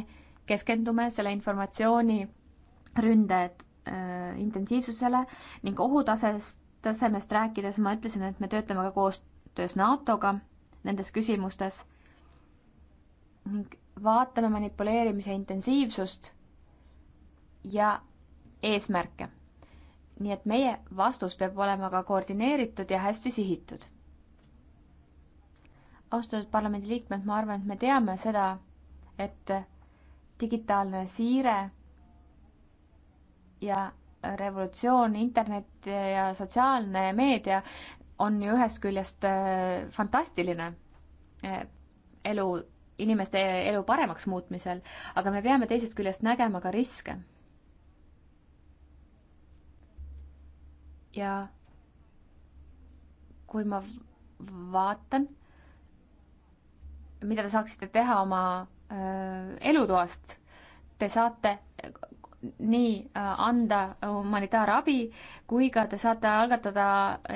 me keskendume selle informatsiooni ründe äh, intensiivsusele ning ohutasest, tasemest rääkides ma ütlesin, et me töötame ka koostöös NATO-ga nendes küsimustes ning vaatame manipuleerimise intensiivsust ja eesmärke. nii et meie vastus peab olema ka koordineeritud ja hästi sihitud. austatud parlamendiliikmed, ma arvan, et me teame seda, et digitaalne siire ja revolutsioon, internet ja sotsiaalne meedia on ju ühest küljest äh, fantastiline äh, elu, inimeste elu paremaks muutmisel, aga me peame teisest küljest nägema ka riske. ja kui ma vaatan, mida te saaksite teha oma Äh, elutoast. Te saate nii äh, anda humanitaarabi kui ka te saate algatada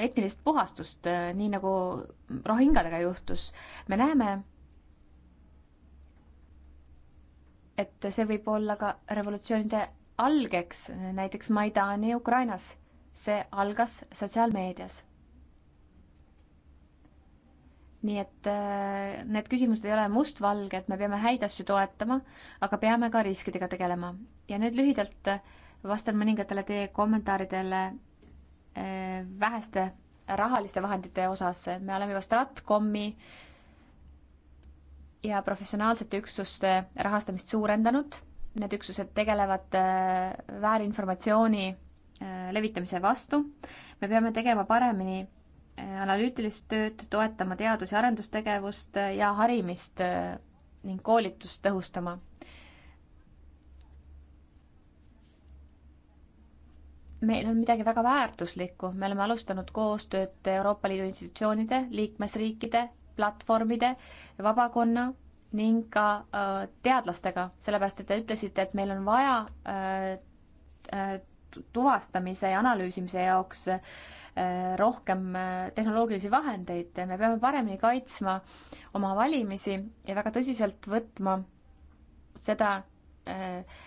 etnilist puhastust, äh, nii nagu rohingadega juhtus. me näeme, et see võib olla ka revolutsioonide algeks, näiteks Maidani Ukrainas. see algas sotsiaalmeedias nii et äh, need küsimused ei ole mustvalged, me peame häid asju toetama, aga peame ka riskidega tegelema. ja nüüd lühidalt äh, vastan mõningatele teie kommentaaridele äh, väheste rahaliste vahendite osas, me oleme juba Stratkomi ja professionaalsete üksuste rahastamist suurendanud, need üksused tegelevad väärinformatsiooni levitamise vastu, me peame tegema paremini analüütilist tööd, toetama teadus- ja arendustegevust ja harimist äh, ning koolitust tõhustama. meil on midagi väga väärtuslikku, me oleme alustanud koostööd Euroopa Liidu institutsioonide, liikmesriikide, platvormide, vabakonna ning ka äh, teadlastega, sellepärast et te ütlesite, et meil on vaja äh, tuvastamise ja analüüsimise jaoks äh, rohkem äh, tehnoloogilisi vahendeid, me peame paremini kaitsma oma valimisi ja väga tõsiselt võtma seda äh,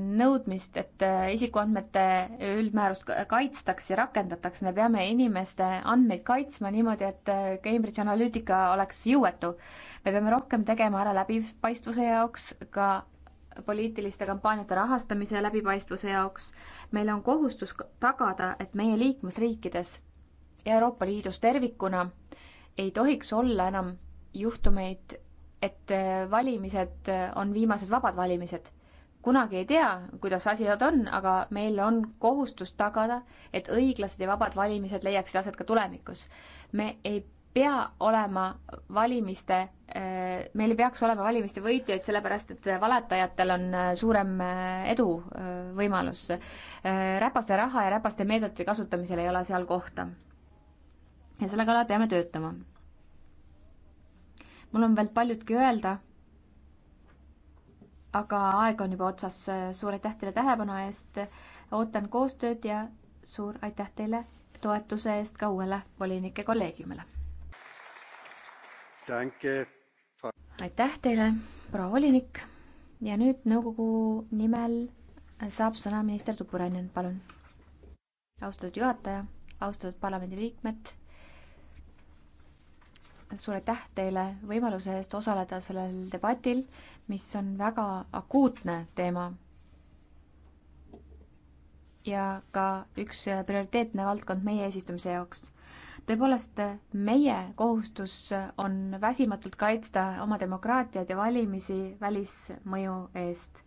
nõudmist, et äh, isikuandmete üldmäärust kaitstaks ja rakendataks, me peame inimeste andmeid kaitsma niimoodi, et Cambridge Analytica oleks jõuetu. me peame rohkem tegema ära läbipaistvuse jaoks ka poliitiliste kampaaniate rahastamise läbipaistvuse jaoks. meil on kohustus tagada, et meie liikmesriikides ja Euroopa Liidus tervikuna ei tohiks olla enam juhtumeid, et äh, valimised äh, on viimased vabad valimised. kunagi ei tea, kuidas asjad on, aga meil on kohustus tagada, et õiglased ja vabad valimised leiaksid aset ka tulevikus. me ei pea olema valimiste, äh, meil ei peaks olema valimiste võitjaid, sellepärast et valetajatel on äh, suurem äh, eduvõimalus. räpaste raha ja räpaste meetodite kasutamisel ei ole seal kohta. ja selle kallal peame töötama. mul on veel paljudki öelda, aga aeg on juba otsas, suur aitäh teile tähelepanu eest, ootan koostööd ja suur aitäh teile toetuse eest ka uuele volinike kolleegiumile aitäh teile, proua volinik ja nüüd nõukogu nimel saab sõna minister Tupurainen, palun. austatud juhataja, austatud parlamendiliikmed, suur aitäh teile võimaluse eest osaleda sellel debatil, mis on väga akuutne teema. ja ka üks prioriteetne valdkond meie eesistumise jaoks tõepoolest, meie kohustus on väsimatult kaitsta oma demokraatiat ja valimisi välismõju eest,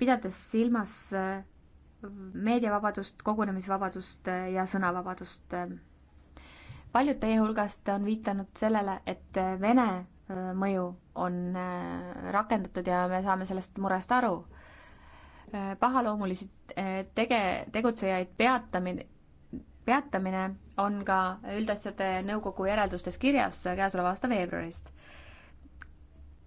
pidades silmas äh, meediavabadust, kogunemisvabadust äh, ja sõnavabadust. paljud teie hulgast on viidanud sellele, et äh, Vene mõju on rakendatud ja me saame sellest murest aru. pahaloomulisi tege-, tegutsejaid peatamine peatamine on ka üldasjade nõukogu järeldustes kirjas käesoleva aasta veebruarist.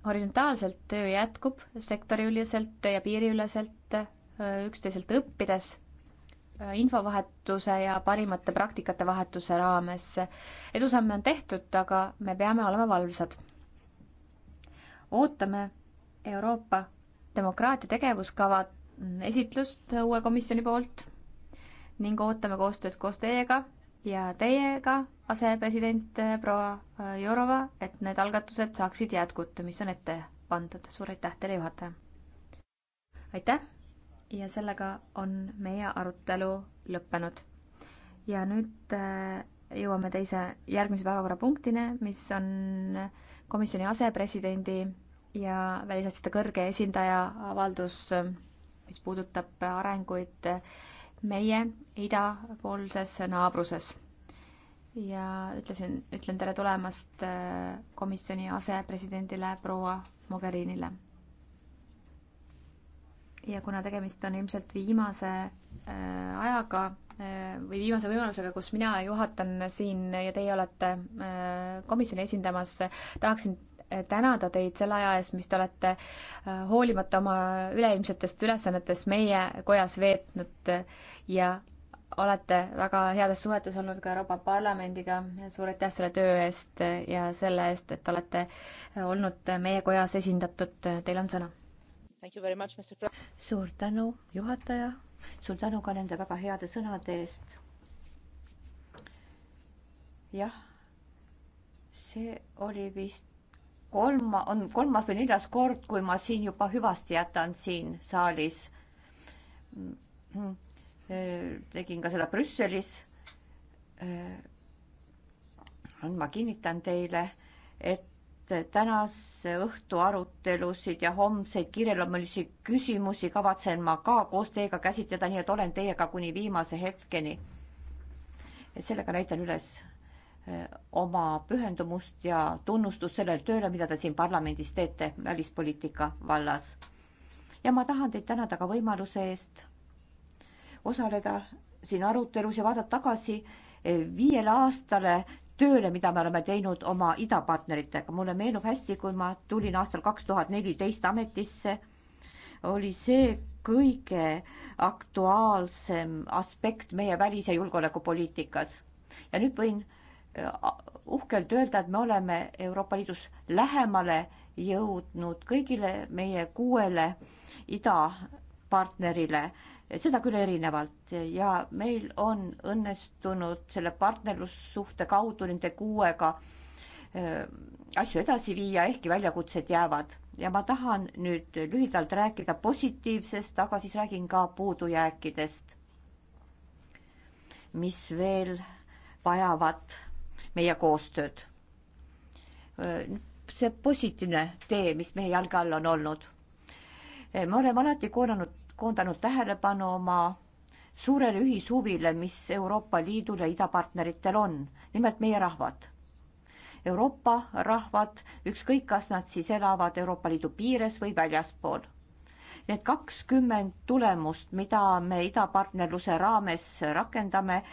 horisontaalselt töö jätkub sektoriüleselt ja piiriüleselt üksteiselt õppides äh, infovahetuse ja parimate praktikate vahetuse raames. edusamme on tehtud, aga me peame olema valvsad. ootame Euroopa demokraatia tegevuskava mm, esitlust uue komisjoni poolt ning ootame koostööd koos teiega ja teiega, asepresident eh, proua eh, Jorova, et need algatused saaksid jätkuda, mis on ette pandud. suur aitäh teile, juhataja! aitäh ja sellega on meie arutelu lõppenud. ja nüüd eh, jõuame teise, järgmise päevakorrapunktini, mis on komisjoni asepresidendi ja välisasjade kõrge esindaja avaldus, mis puudutab arenguid meie idapoolses naabruses. ja ütlesin, ütlen tere tulemast äh, komisjoni asepresidendile proua Mogherinile. ja kuna tegemist on ilmselt viimase äh, ajaga äh, või viimase võimalusega, kus mina juhatan siin ja teie olete komisjoni esindamas, tahaksin tänada teid selle aja eest, mis te olete äh, hoolimata oma üleilmsetest ülesannetest meie kojas veetnud äh, ja olete väga heades suhetes olnud ka Euroopa Parlamendiga. suur aitäh selle töö eest äh, ja selle eest, et olete olnud meie kojas esindatud. Teil on sõna. suur tänu, juhataja. suur tänu ka nende väga heade sõnade eest. jah, see oli vist kolm, on kolmas või neljas kord, kui ma siin juba hüvasti jätan siin saalis. tegin ka seda Brüsselis. ma kinnitan teile, et tänase õhtu arutelusid ja homseid kiireloomulisi küsimusi kavatsen ma ka koos teiega käsitleda, nii et olen teiega kuni viimase hetkeni. et sellega näitan üles Eh, oma pühendumust ja tunnustust sellele tööle, mida te siin parlamendis teete välispoliitika vallas. ja ma tahan teid tänada ka võimaluse eest osaleda siin arutelus ja vaadata tagasi eh, viiele aastale tööle, mida me oleme teinud oma idapartneritega. mulle meenub hästi, kui ma tulin aastal kaks tuhat neliteist ametisse, oli see kõige aktuaalsem aspekt meie välis- ja julgeolekupoliitikas. ja nüüd võin uhkelt öelda, et me oleme Euroopa Liidus lähemale jõudnud kõigile meie kuuele idapartnerile, seda küll erinevalt ja meil on õnnestunud selle partnerlussuhte kaudu nende kuuega äh, asju edasi viia, ehkki väljakutsed jäävad ja ma tahan nüüd lühidalt rääkida positiivsest, aga siis räägin ka puudujääkidest, mis veel vajavad meie koostööd. see positiivne tee, mis meie jalge all on olnud. me oleme alati koonanud, koondanud tähelepanu oma suurele ühishuvile, mis Euroopa Liidul ja idapartneritel on, nimelt meie rahvad. Euroopa rahvad, ükskõik, kas nad siis elavad Euroopa Liidu piires või väljaspool need kakskümmend tulemust, mida me idapartnerluse raames rakendame,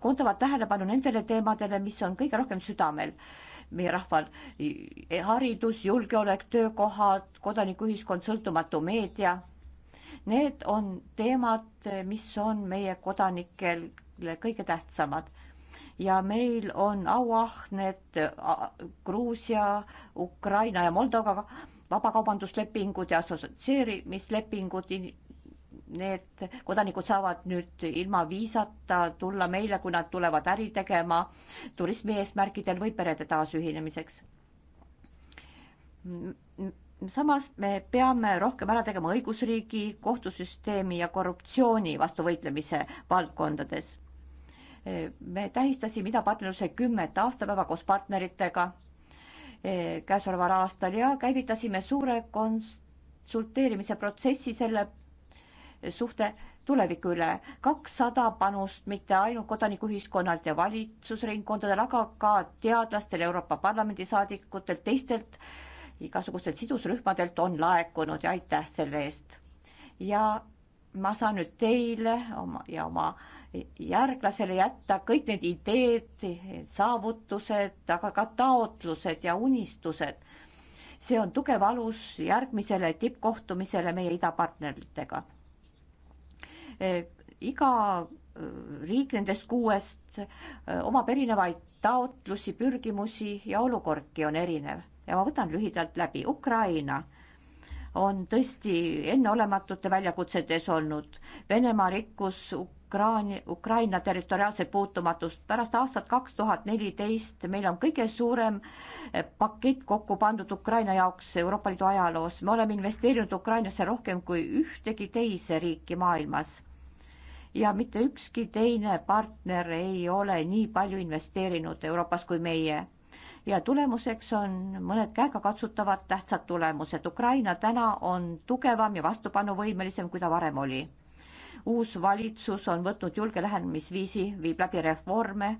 koondavad tähelepanu nendele teemadele, mis on kõige rohkem südamel meie rahval. haridus, julgeolek, töökohad, kodanikuühiskond, sõltumatu meedia. Need on teemad, mis on meie kodanikele kõige tähtsamad ja meil on auahned Gruusia, Ukraina ja Moldovaga vabakaubanduslepingud ja assotsieerimislepingud need kodanikud saavad nüüd ilma viisata tulla meile, kui nad tulevad äri tegema turismi eesmärkidel või perede taasühinemiseks. samas me peame rohkem ära tegema õigusriigi, kohtusüsteemi ja korruptsiooni vastu võitlemise valdkondades. me tähistasime idapartnerluse kümmet aastapäeva koos partneritega e, käesoleval aastal ja käivitasime suure konsulteerimise protsessi selle suhte tuleviku üle. kakssada panust mitte ainult kodanikuühiskonnalt ja valitsusringkondadel, aga ka teadlastel, Euroopa Parlamendi saadikutel, teistelt igasugustelt sidusrühmadelt on laekunud ja aitäh selle eest. ja ma saan nüüd teile oma ja oma järglasele jätta kõik need ideed, saavutused, aga ka taotlused ja unistused. see on tugev alus järgmisele tippkohtumisele meie idapartneritega iga äh, riik nendest kuuest äh, omab erinevaid taotlusi, pürgimusi ja olukordki on erinev ja ma võtan lühidalt läbi. Ukraina on tõesti enneolematute väljakutsetes olnud. Venemaa rikkus Ukraani, Ukraina territoriaalset puutumatust. pärast aastat kaks tuhat neliteist meil on kõige suurem äh, pakett kokku pandud Ukraina jaoks Euroopa Liidu ajaloos. me oleme investeerinud Ukrainasse rohkem kui ühtegi teise riiki maailmas ja mitte ükski teine partner ei ole nii palju investeerinud Euroopas kui meie. ja tulemuseks on mõned käegakatsutavad tähtsad tulemused. Ukraina täna on tugevam ja vastupanuvõimelisem, kui ta varem oli. uus valitsus on võtnud julge lähenemisviisi, viib läbi reforme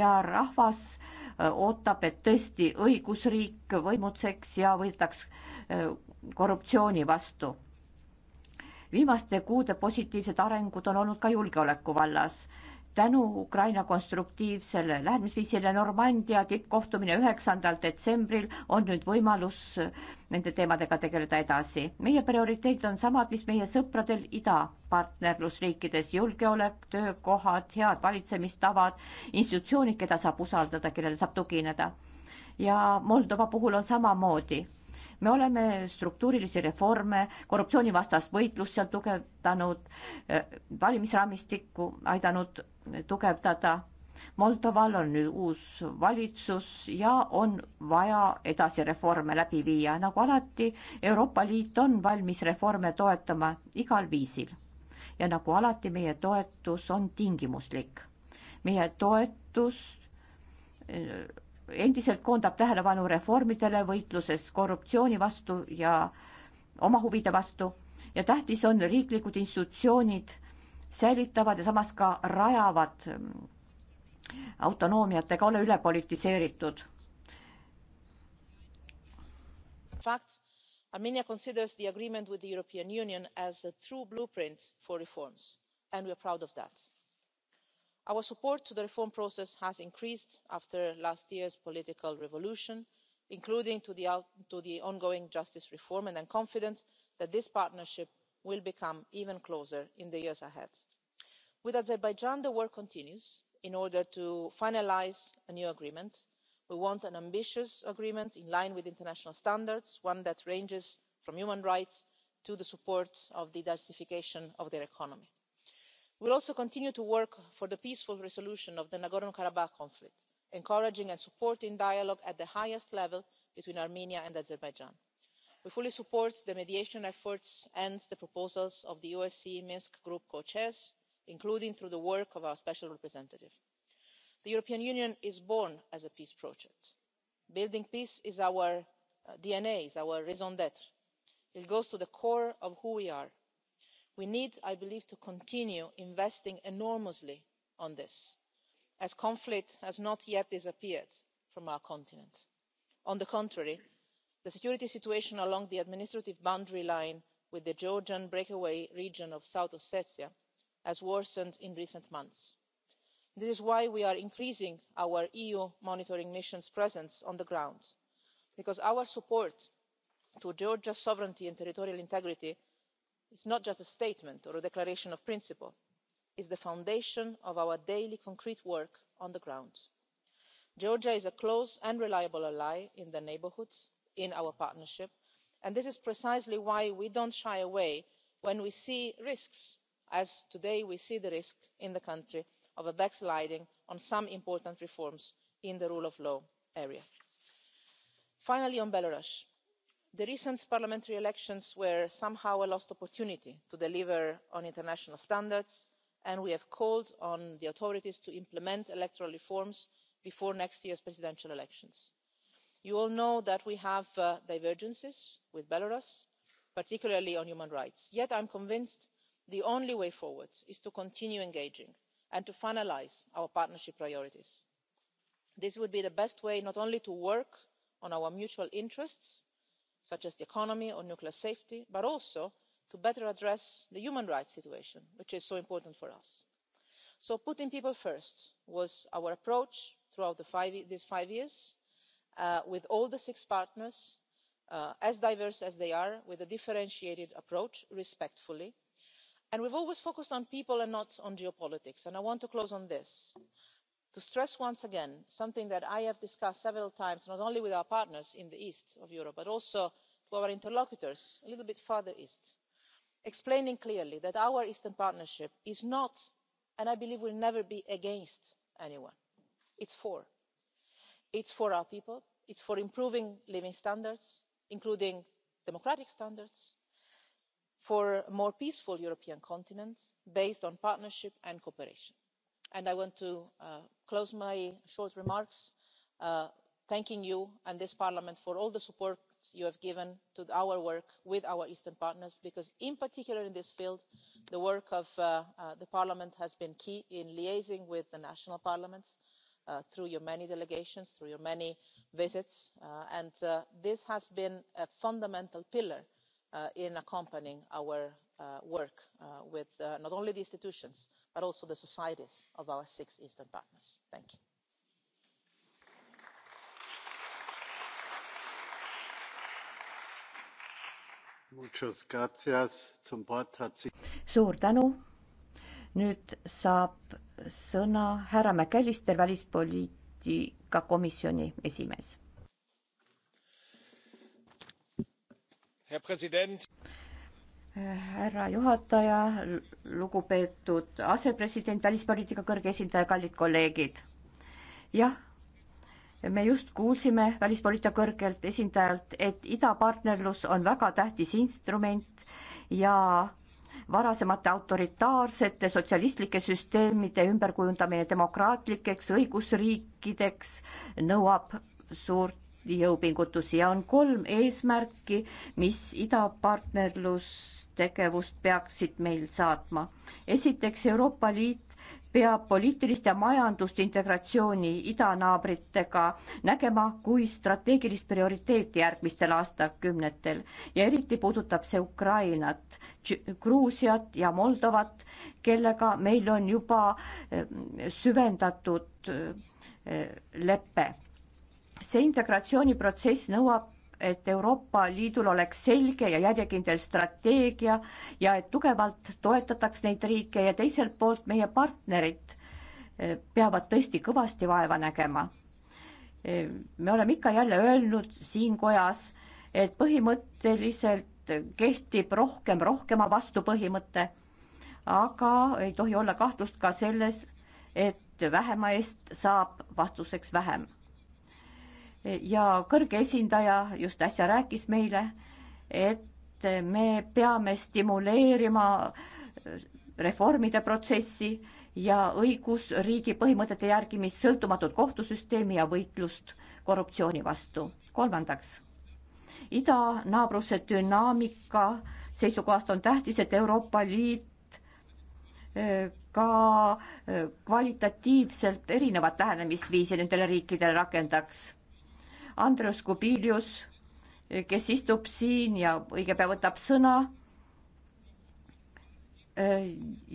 ja rahvas äh, ootab, et tõesti õigusriik võimutseks ja võidaks äh, korruptsiooni vastu viimaste kuude positiivsed arengud on olnud ka julgeoleku vallas. tänu Ukraina konstruktiivsele lähenemisviisile Normandia tippkohtumine üheksandal detsembril on nüüd võimalus nende teemadega tegeleda edasi. meie prioriteedid on samad, mis meie sõpradel idapartnerlusriikides, julgeolek, töökohad, head valitsemistavad, institutsioonid, keda saab usaldada, kellele saab tugineda. ja Moldova puhul on samamoodi me oleme struktuurilisi reforme, korruptsioonivastast võitlust seal tugevdanud, eh, valimisraamistikku aidanud tugevdada. Moldoval on nüüd uus valitsus ja on vaja edasi reforme läbi viia, nagu alati Euroopa Liit on valmis reforme toetama igal viisil. ja nagu alati, meie toetus on tingimuslik. meie toetus eh, endiselt koondab tähelepanu reformidele võitluses korruptsiooni vastu ja oma huvide vastu ja tähtis on riiklikud institutsioonid säilitavad ja samas ka rajavad mm, autonoomiat ega ole üle politiseeritud. armenia considers the agreement with the european union as a true blueprint for reforms and we are proud of that our support to the reform process has increased after last year's political revolution including to the ongoing justice reform and i'm confident that this partnership will become even closer in the years ahead. with azerbaijan the work continues in order to finalise a new agreement. we want an ambitious agreement in line with international standards one that ranges from human rights to the support of the diversification of their economy will also continue to work for the peaceful resolution of the nagorno karabakh conflict encouraging and supporting dialogue at the highest level between armenia and azerbaijan. we fully support the mediation efforts and the proposals of the osce minsk group co chairs including through the work of our special representative. the european union is born as a peace project. building peace is our uh, dna our raison d'tre. it goes to the core of who we are we need i believe to continue investing enormously on this as conflict has not yet disappeared from our continent. on the contrary the security situation along the administrative boundary line with the georgian breakaway region of south ossetia has worsened in recent months. this is why we are increasing our eu monitoring mission's presence on the ground because our support to georgia's sovereignty and territorial integrity is not just a statement or a declaration of principle it is the foundation of our daily concrete work on the ground. georgia is a close and reliable ally in the neighbourhood in our partnership and this is precisely why we don't shy away when we see risks as today we see the risk in the country of a backsliding on some important reforms in the rule of law area. finally on belarus the recent parliamentary elections were somehow a lost opportunity to deliver on international standards and we have called on the authorities to implement electoral reforms before next year's presidential elections. you all know that we have uh, divergences with belarus particularly on human rights yet i'm convinced the only way forward is to continue engaging and to finalise our partnership priorities. this would be the best way not only to work on our mutual interests such as the economy or nuclear safety but also to better address the human rights situation which is so important for us. so putting people first was our approach throughout these five years uh, with all the six partners uh, as diverse as they are with a differentiated approach respectfully and we've always focused on people and not on geopolitics and i want to close on this to stress once again something that i have discussed several times not only with our partners in the east of europe but also with our interlocutors a little bit further east explaining clearly that our eastern partnership is not and i believe will never be against anyone it's for. it's for our people it's for improving living standards including democratic standards for a more peaceful european continent based on partnership and cooperation i want to uh, close my short remarks uh, thanking you and this parliament for all the support you have given to our work with our eastern partners because in particular in this field the work of uh, parliament has been key in liaising with the national parliaments through your many delegations through your many visits and this has been a fundamental pillar in accompanying our work with not only the institutions but also the societies of our six eastern partners. thank you. suur tänu nüüd saab sõna härra mcallister välispoliitika komisjoni esimees härra juhataja, lugupeetud asepresident, välispoliitika kõrge esindaja, kallid kolleegid. jah, me just kuulsime välispoliitika kõrgelt esindajalt, et idapartnerlus on väga tähtis instrument ja varasemate autoritaarsete sotsialistlike süsteemide ümberkujundamine demokraatlikeks õigusriikideks nõuab suurt jõupingutusi ja on kolm eesmärki, mis idapartnerlustegevust peaksid meil saatma. esiteks, Euroopa Liit peab poliitilist ja majandust integratsiooni idanaabritega nägema kui strateegilist prioriteeti järgmistel aastakümnetel ja eriti puudutab see Ukrainat, Gruusiat ja Moldovat, kellega meil on juba ehm, süvendatud ehm, lepe see integratsiooniprotsess nõuab, et Euroopa Liidul oleks selge ja järjekindel strateegia ja et tugevalt toetataks neid riike ja teiselt poolt meie partnerid eh, peavad tõesti kõvasti vaeva nägema. Eh, me oleme ikka jälle öelnud siin kojas, et põhimõtteliselt kehtib rohkem rohkema vastu põhimõte, aga ei tohi olla kahtlust ka selles, et vähema eest saab vastuseks vähem ja kõrge esindaja just äsja rääkis meile, et me peame stimuleerima reformide protsessi ja õigusriigi põhimõtete järgimist, sõltumatut kohtusüsteemi ja võitlust korruptsiooni vastu. kolmandaks, idanaabruse dünaamika seisukohast on tähtis, et Euroopa Liit äh, ka äh, kvalitatiivselt erinevat lähenemisviisi nendele riikidele rakendaks Andreus Kubilius, kes istub siin ja õige pea võtab sõna. Äh,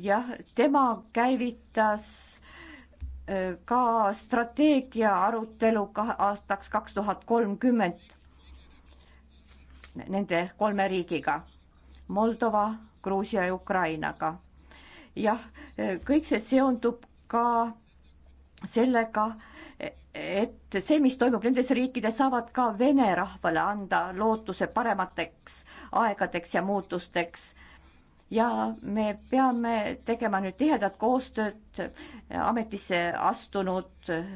jah, tema käivitas äh, ka strateegia arutelu aastaks kaks tuhat kolmkümmend nende kolme riigiga, Moldova, Gruusia ja Ukrainaga. jah, kõik see seondub ka sellega, et see, mis toimub nendes riikides, saavad ka vene rahvale anda lootuse paremateks aegadeks ja muutusteks. ja me peame tegema nüüd tihedat koostööd ametisse astunud äh,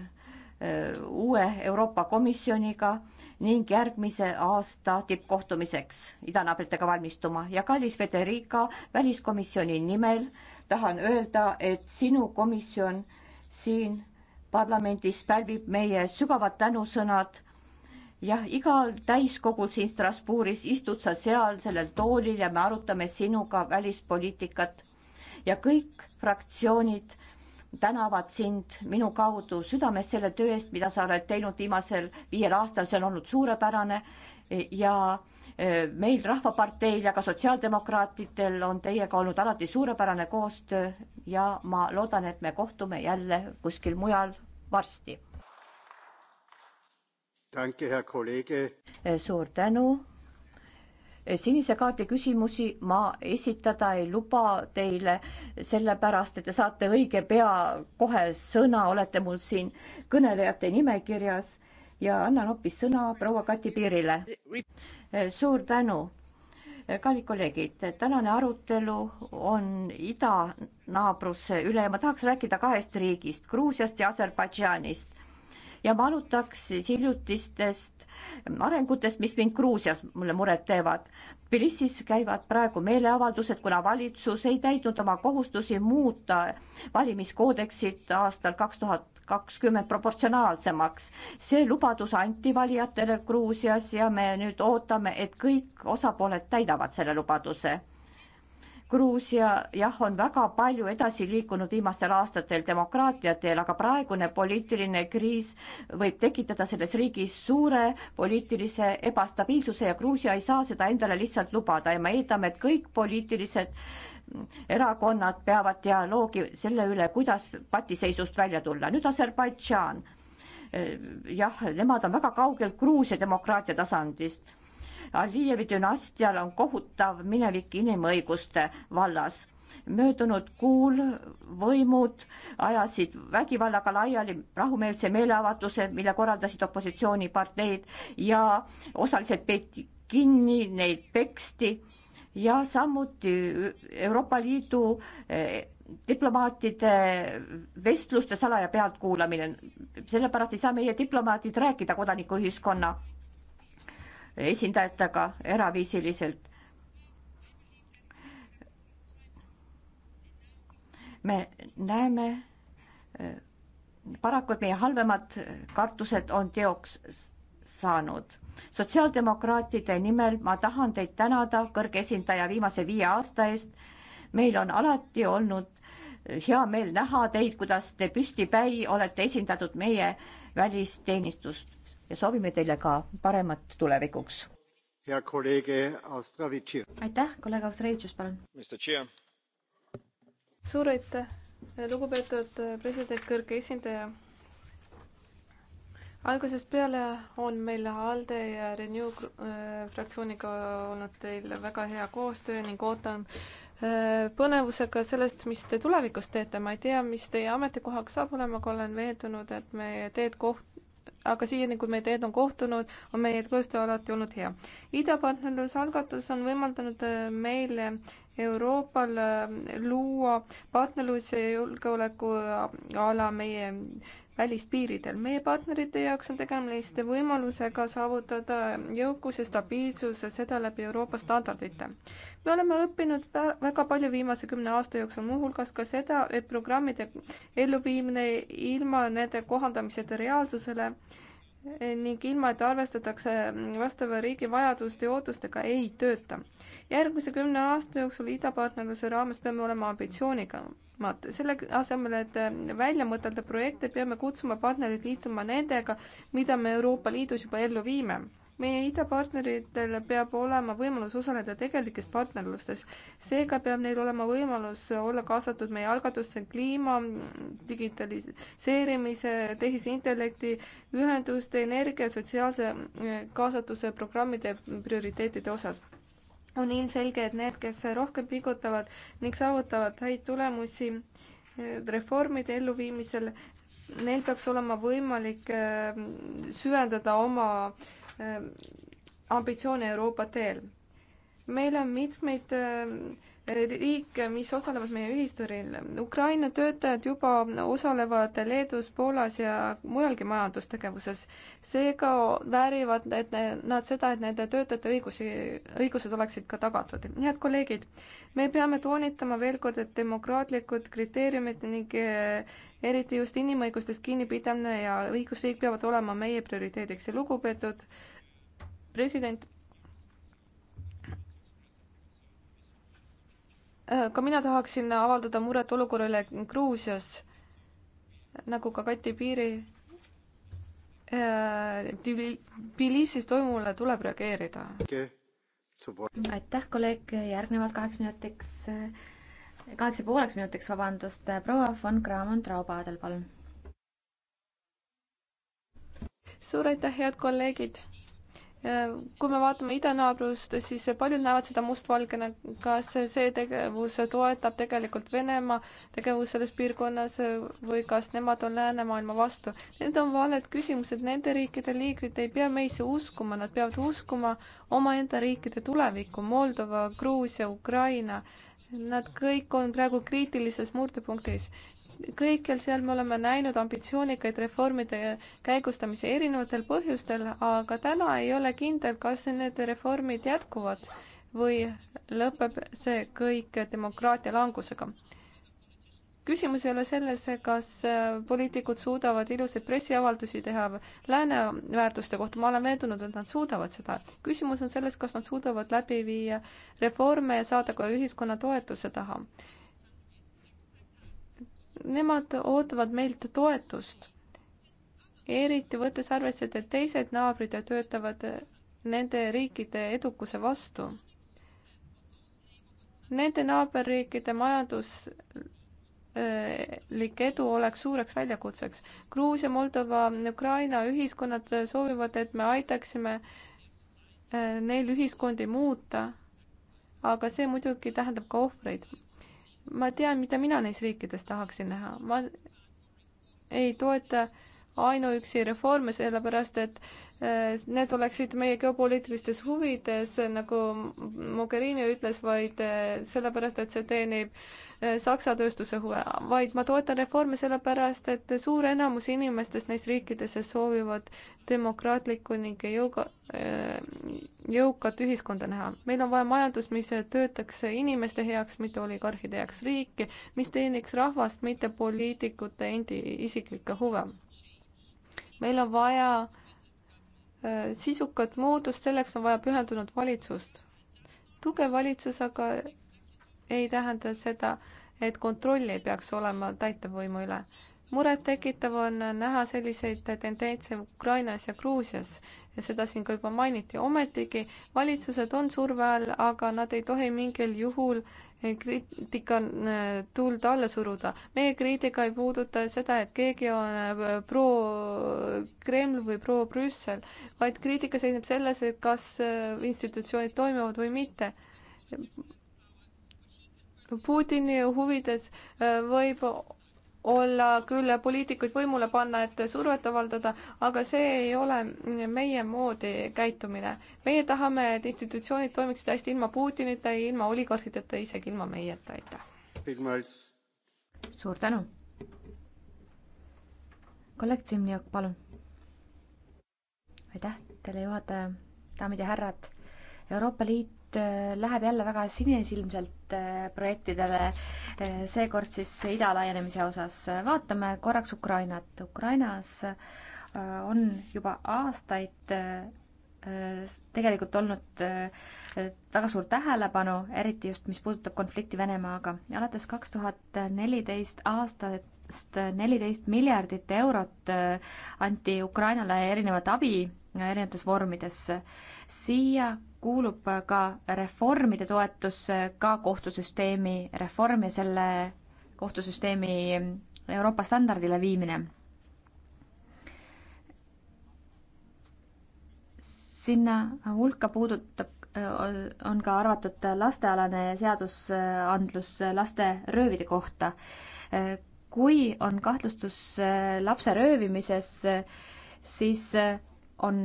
uue Euroopa Komisjoniga ning järgmise aasta tippkohtumiseks idanaabritega valmistuma ja kallis Federica väliskomisjoni nimel tahan öelda, et sinu komisjon siin parlamendis pälvib meie sügavad tänusõnad. jah, igal täiskogul siin Strasbourgis istud sa seal sellel toolil ja me arutame sinuga välispoliitikat ja kõik fraktsioonid tänavad sind minu kaudu südames selle töö eest, mida sa oled teinud viimasel viiel aastal, see on olnud suurepärane ja meil Rahvaparteil ja ka sotsiaaldemokraatidel on teiega olnud alati suurepärane koostöö ja ma loodan, et me kohtume jälle kuskil mujal varsti. suur tänu. sinise kaardi küsimusi ma esitada ei luba teile, sellepärast et te saate õige pea kohe sõna, olete mul siin kõnelejate nimekirjas ja annan hoopis sõna proua Kati Piirile. suur tänu. kallid kolleegid, tänane arutelu on idanaabruse üle ja ma tahaks rääkida kahest riigist, Gruusiast ja Aserbaidžaanist ja ma alutaks hiljutistest arengutest, mis mind Gruusias mulle muret teevad. Tbilisis käivad praegu meeleavaldused, kuna valitsus ei täitnud oma kohustusi muuta valimiskoodeksit aastal kaks tuhat kakskümmend proportsionaalsemaks. see lubadus anti valijatele Gruusias ja me nüüd ootame, et kõik osapooled täidavad selle lubaduse Gruusia jah, on väga palju edasi liikunud viimastel aastatel demokraatia teel, aga praegune poliitiline kriis võib tekitada selles riigis suure poliitilise ebastabiilsuse ja Gruusia ei saa seda endale lihtsalt lubada ja me eeldame, et kõik poliitilised erakonnad peavad dialoogi selle üle, kuidas patiseisust välja tulla. nüüd Aserbaidžaan. jah, nemad on väga kaugel Gruusia demokraatia tasandist Alijevi dünastial on kohutav minevik inimõiguste vallas. möödunud kuul võimud ajasid vägivallaga laiali rahumeelse meeleavalduse, mille korraldasid opositsiooniparteid ja osaliselt peeti kinni, neid peksti ja samuti Euroopa Liidu eh, diplomaatide vestluste salaja pealtkuulamine. sellepärast ei saa meie diplomaadid rääkida kodanikuühiskonna esindajatega eraviisiliselt. me näeme paraku, et meie halvemad kartused on teoks saanud. sotsiaaldemokraatide nimel ma tahan teid tänada, kõrge esindaja, viimase viie aasta eest. meil on alati olnud hea meel näha teid, kuidas te püstipäi olete esindatud meie välisteenistust ja soovime teile ka paremat tulevikuks. aitäh, kolleeg Austrevitšus, palun. suur aitäh, lugupeetud president, kõrge esindaja algusest peale on meil ALDE ja Renew äh, fraktsiooniga olnud teil väga hea koostöö ning ootan äh, põnevusega sellest, mis te tulevikus teete. ma ei tea, mis teie ametikohaks saab olema, aga olen veendunud, et meie teed koht, aga siiani, kui meie teed on kohtunud, on meie koostöö alati olnud hea. idapartnerluse algatus on võimaldanud äh, meile Euroopal ähm, luua partnerluse ja julgeolekuala äh, meie välispiiridel. meie partnerite jaoks on tegemist võimalusega saavutada jõukus ja stabiilsus ja seda läbi Euroopa standardite. me oleme õppinud väga palju viimase kümne aasta jooksul, muuhulgas ka seda, et programmide elluviimine ilma nende kohandamiseta reaalsusele äh, ning ilma, et arvestatakse vastava riigi vajaduste ja ootustega, ei tööta. järgmise kümne aasta jooksul idapartnerluse raames peame olema ambitsioonikamad. selle asemel, et välja mõtelda projekte, peame kutsuma partnerid liituma nendega, mida me Euroopa Liidus juba ellu viime meie idapartneritel peab olema võimalus osaleda tegelikes partnerlustes. seega peab neil olema võimalus olla kaasatud meie algatusse kliima, digitaliseerimise, tehisintellekti, ühenduste, energia, sotsiaalse eh, kaasatuse programmide prioriteetide osas on ilmselge, et need, kes rohkem pingutavad ning saavutavad häid tulemusi eh, reformide elluviimisel, neil peaks olema võimalik eh, süvendada oma äh, Ähm, ambitsioone Euroopa teel. meil on mitmeid äh, riike, mis osalevad meie ühisturil. Ukraina töötajad juba osalevad Leedus, Poolas ja mujalgi majandustegevuses. seega väärivad et nad seda, et nende töötajate õigusi, õigused oleksid ka tagatud. head kolleegid, me peame toonitama veel kord, et demokraatlikud kriteeriumid ning äh, eriti just inimõigustest kinnipidamine ja õigusriik peavad olema meie prioriteediks ja lugupeetud äh, president. Äh, ka mina tahaksin avaldada muret olukorra üle Gruusias, nagu ka Kati Piiri äh, Tbilisis toimuvale tuleb reageerida. aitäh, kolleeg, järgnevalt kaheks minutiks, äh, kaheksa pooleks minutiks, vabandust, proua von Krahmann Traubaadel, palun. suur aitäh, head kolleegid Äh, kui me vaatame idanaabrust, siis paljud näevad seda mustvalgena, kas see tegevus toetab tegelikult Venemaa tegevust selles piirkonnas või kas nemad on läänemaailma vastu. Need on valed küsimused, nende riikide liidrid ei pea meisse uskuma, nad peavad uskuma omaenda riikide tulevikku, Moldova, Gruusia, Ukraina. Nad kõik on praegu kriitilises murdepunktis kõikjal seal me oleme näinud ambitsioonikaid reformide käigustamise erinevatel põhjustel, aga täna ei ole kindel, kas need reformid jätkuvad või lõpeb see kõik demokraatia langusega. küsimus ei ole selles, kas äh, poliitikud suudavad ilusaid pressiavaldusi teha lääne väärtuste kohta, ma olen veendunud, et nad suudavad seda. küsimus on selles, kas nad suudavad läbi viia reforme ja saada ka ühiskonna toetuse taha nemad ootavad meilt toetust. eriti võttes arvesse, et teised naabrid töötavad nende riikide edukuse vastu. Nende naaberriikide majanduslik edu oleks suureks väljakutseks. Gruusia, Moldova, Ukraina ühiskonnad soovivad, et me aitaksime eh, neil ühiskondi muuta. aga see muidugi tähendab ka ohvreid ma tean, mida mina neis riikides tahaksin näha, ma ei toeta ainuüksi reforme, sellepärast et Äh, need oleksid meie geopoliitilistes huvides, nagu Mogherini ütles, vaid äh, sellepärast, et see teenib äh, Saksa tööstuse huve, vaid ma toetan reforme sellepärast, et suur enamus inimestest neis riikides soovivad demokraatlikku ning jõuga, jõukat ühiskonda näha. meil on vaja majandust, mis töötaks inimeste heaks, mitte oligarhide heaks riiki, mis teeniks rahvast, mitte poliitikute endi isiklikke huve. meil on vaja Äh, sisukat muutust, selleks on vaja pühendunud valitsust. tugev valitsus aga ei tähenda seda, et kontrolli ei peaks olema täitevvõimu üle. murettekitav on näha selliseid tendentse Ukrainas ja Gruusias ja seda siin ka juba mainiti, ometigi valitsused on surve all, aga nad ei tohi mingil juhul kriitika äh, tuult alla suruda. meie kriitika ei puuduta seda, et keegi on äh, pro-Kreml või pro-Brüssel, vaid kriitika seisneb selles, et kas äh, institutsioonid toimivad või mitte. Putini huvides võib olla küll poliitikuid võimule panna, et survet avaldada, aga see ei ole meie moodi käitumine. meie tahame, et institutsioonid toimiksid hästi ilma Putinita, ilma oligarhideta, isegi ilma meieta, aitäh. suur tänu. kolleeg Simniok, palun. aitäh teile, juhataja, daamid ja härrad. Euroopa Liit Äh, läheb jälle väga sinisilmselt äh, projektidele, äh, seekord siis ida laienemise osas. vaatame korraks Ukrainat. Ukrainas on juba aastaid tegelikult olnud väga suur tähelepanu, eriti just, mis puudutab konflikti Venemaaga. alates kaks tuhat neliteist aastat sest neliteist miljardit eurot äh, anti Ukrainale erinevat abi äh, erinevates vormides. siia kuulub äh, ka reformide toetus, ka kohtusüsteemi reform ja selle kohtusüsteemi Euroopa standardile viimine. sinna hulka puudutab on ka arvatud lastealane seadusandlus laste röövide kohta kui on kahtlustus äh, lapse röövimises, äh, siis äh, on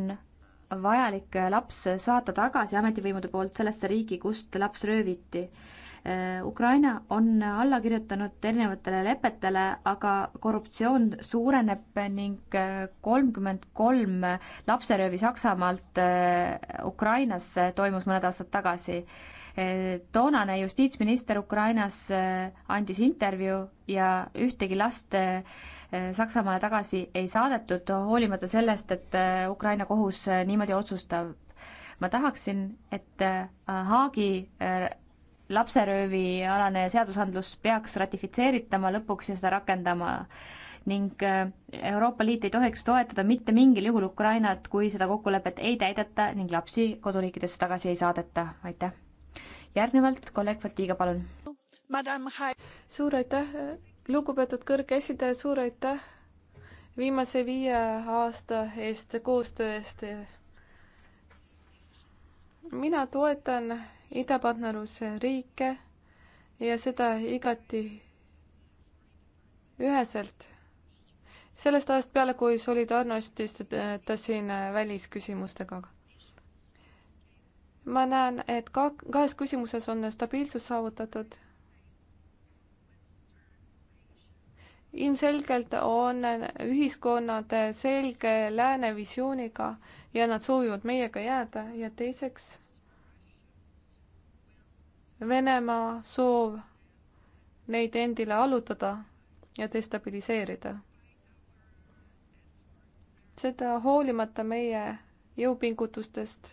vajalik laps saata tagasi ametivõimude poolt sellesse riiki, kust laps rööviti. Ukraina on alla kirjutanud erinevatele lepetele, aga korruptsioon suureneb ning kolmkümmend kolm lapseröövi Saksamaalt Ukrainasse toimus mõned aastad tagasi toonane justiitsminister Ukrainas eh, andis intervjuu ja ühtegi last eh, Saksamaale tagasi ei saadetud, hoolimata sellest, et eh, Ukraina kohus niimoodi otsustab. ma tahaksin, et Haagi lapseröövialane seadusandlus peaks ratifitseeritama lõpuks ja seda rakendama ning Euroopa Liit ei tohiks toetada mitte mingil juhul Ukrainat, kui seda kokkulepet ei täideta ning lapsi koduriikidesse tagasi ei saadeta, aitäh järgnevalt kolleeg Fatiga, palun. suur aitäh, lugupeetud kõrge esindaja, suur aitäh viimase viie aasta eest koostöö eest. mina toetan idapartnerluse riike ja seda igati üheselt. sellest ajast peale, kui solidaarnost istutasin välisküsimustega ma näen, et ka kahes küsimuses on stabiilsus saavutatud. ilmselgelt on ühiskonnad selge lääne visiooniga ja nad soovivad meiega jääda ja teiseks Venemaa soov neid endile allutada ja destabiliseerida. seda hoolimata meie jõupingutustest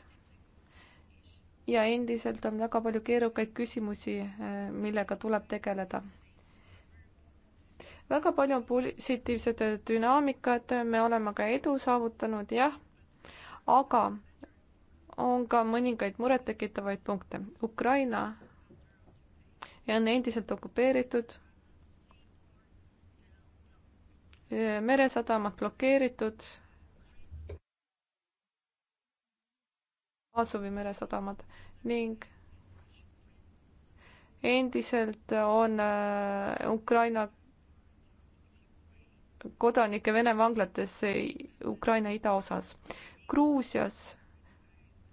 ja endiselt on väga palju keerukaid küsimusi, äh, millega tuleb tegeleda. väga palju on positiivset dünaamikat, me oleme ka edu saavutanud, jah, aga on ka mõningaid murettekitavaid punkte. Ukraina on endiselt okupeeritud, äh, meresadamad blokeeritud Aasovi meresadamad ning endiselt on äh, Ukraina kodanikke Vene vanglates äh, Ukraina idaosas. Gruusias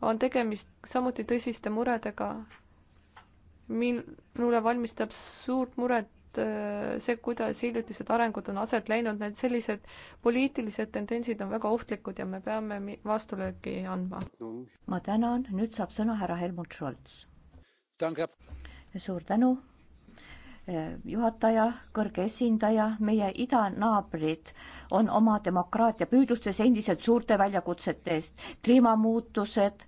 on tegemist samuti tõsiste muredega. minule valmistab suurt muret just äh, see, kuidas hiljutised arengud on aset leidnud, need sellised poliitilised tendentsid on väga ohtlikud ja me peame vastulööki andma. ma tänan, nüüd saab sõna härra Helmut Scholz. suur tänu, äh, juhataja, kõrge esindaja, meie idanaabrid on oma demokraatia püüdlustes endiselt suurte väljakutsete eest, kliimamuutused,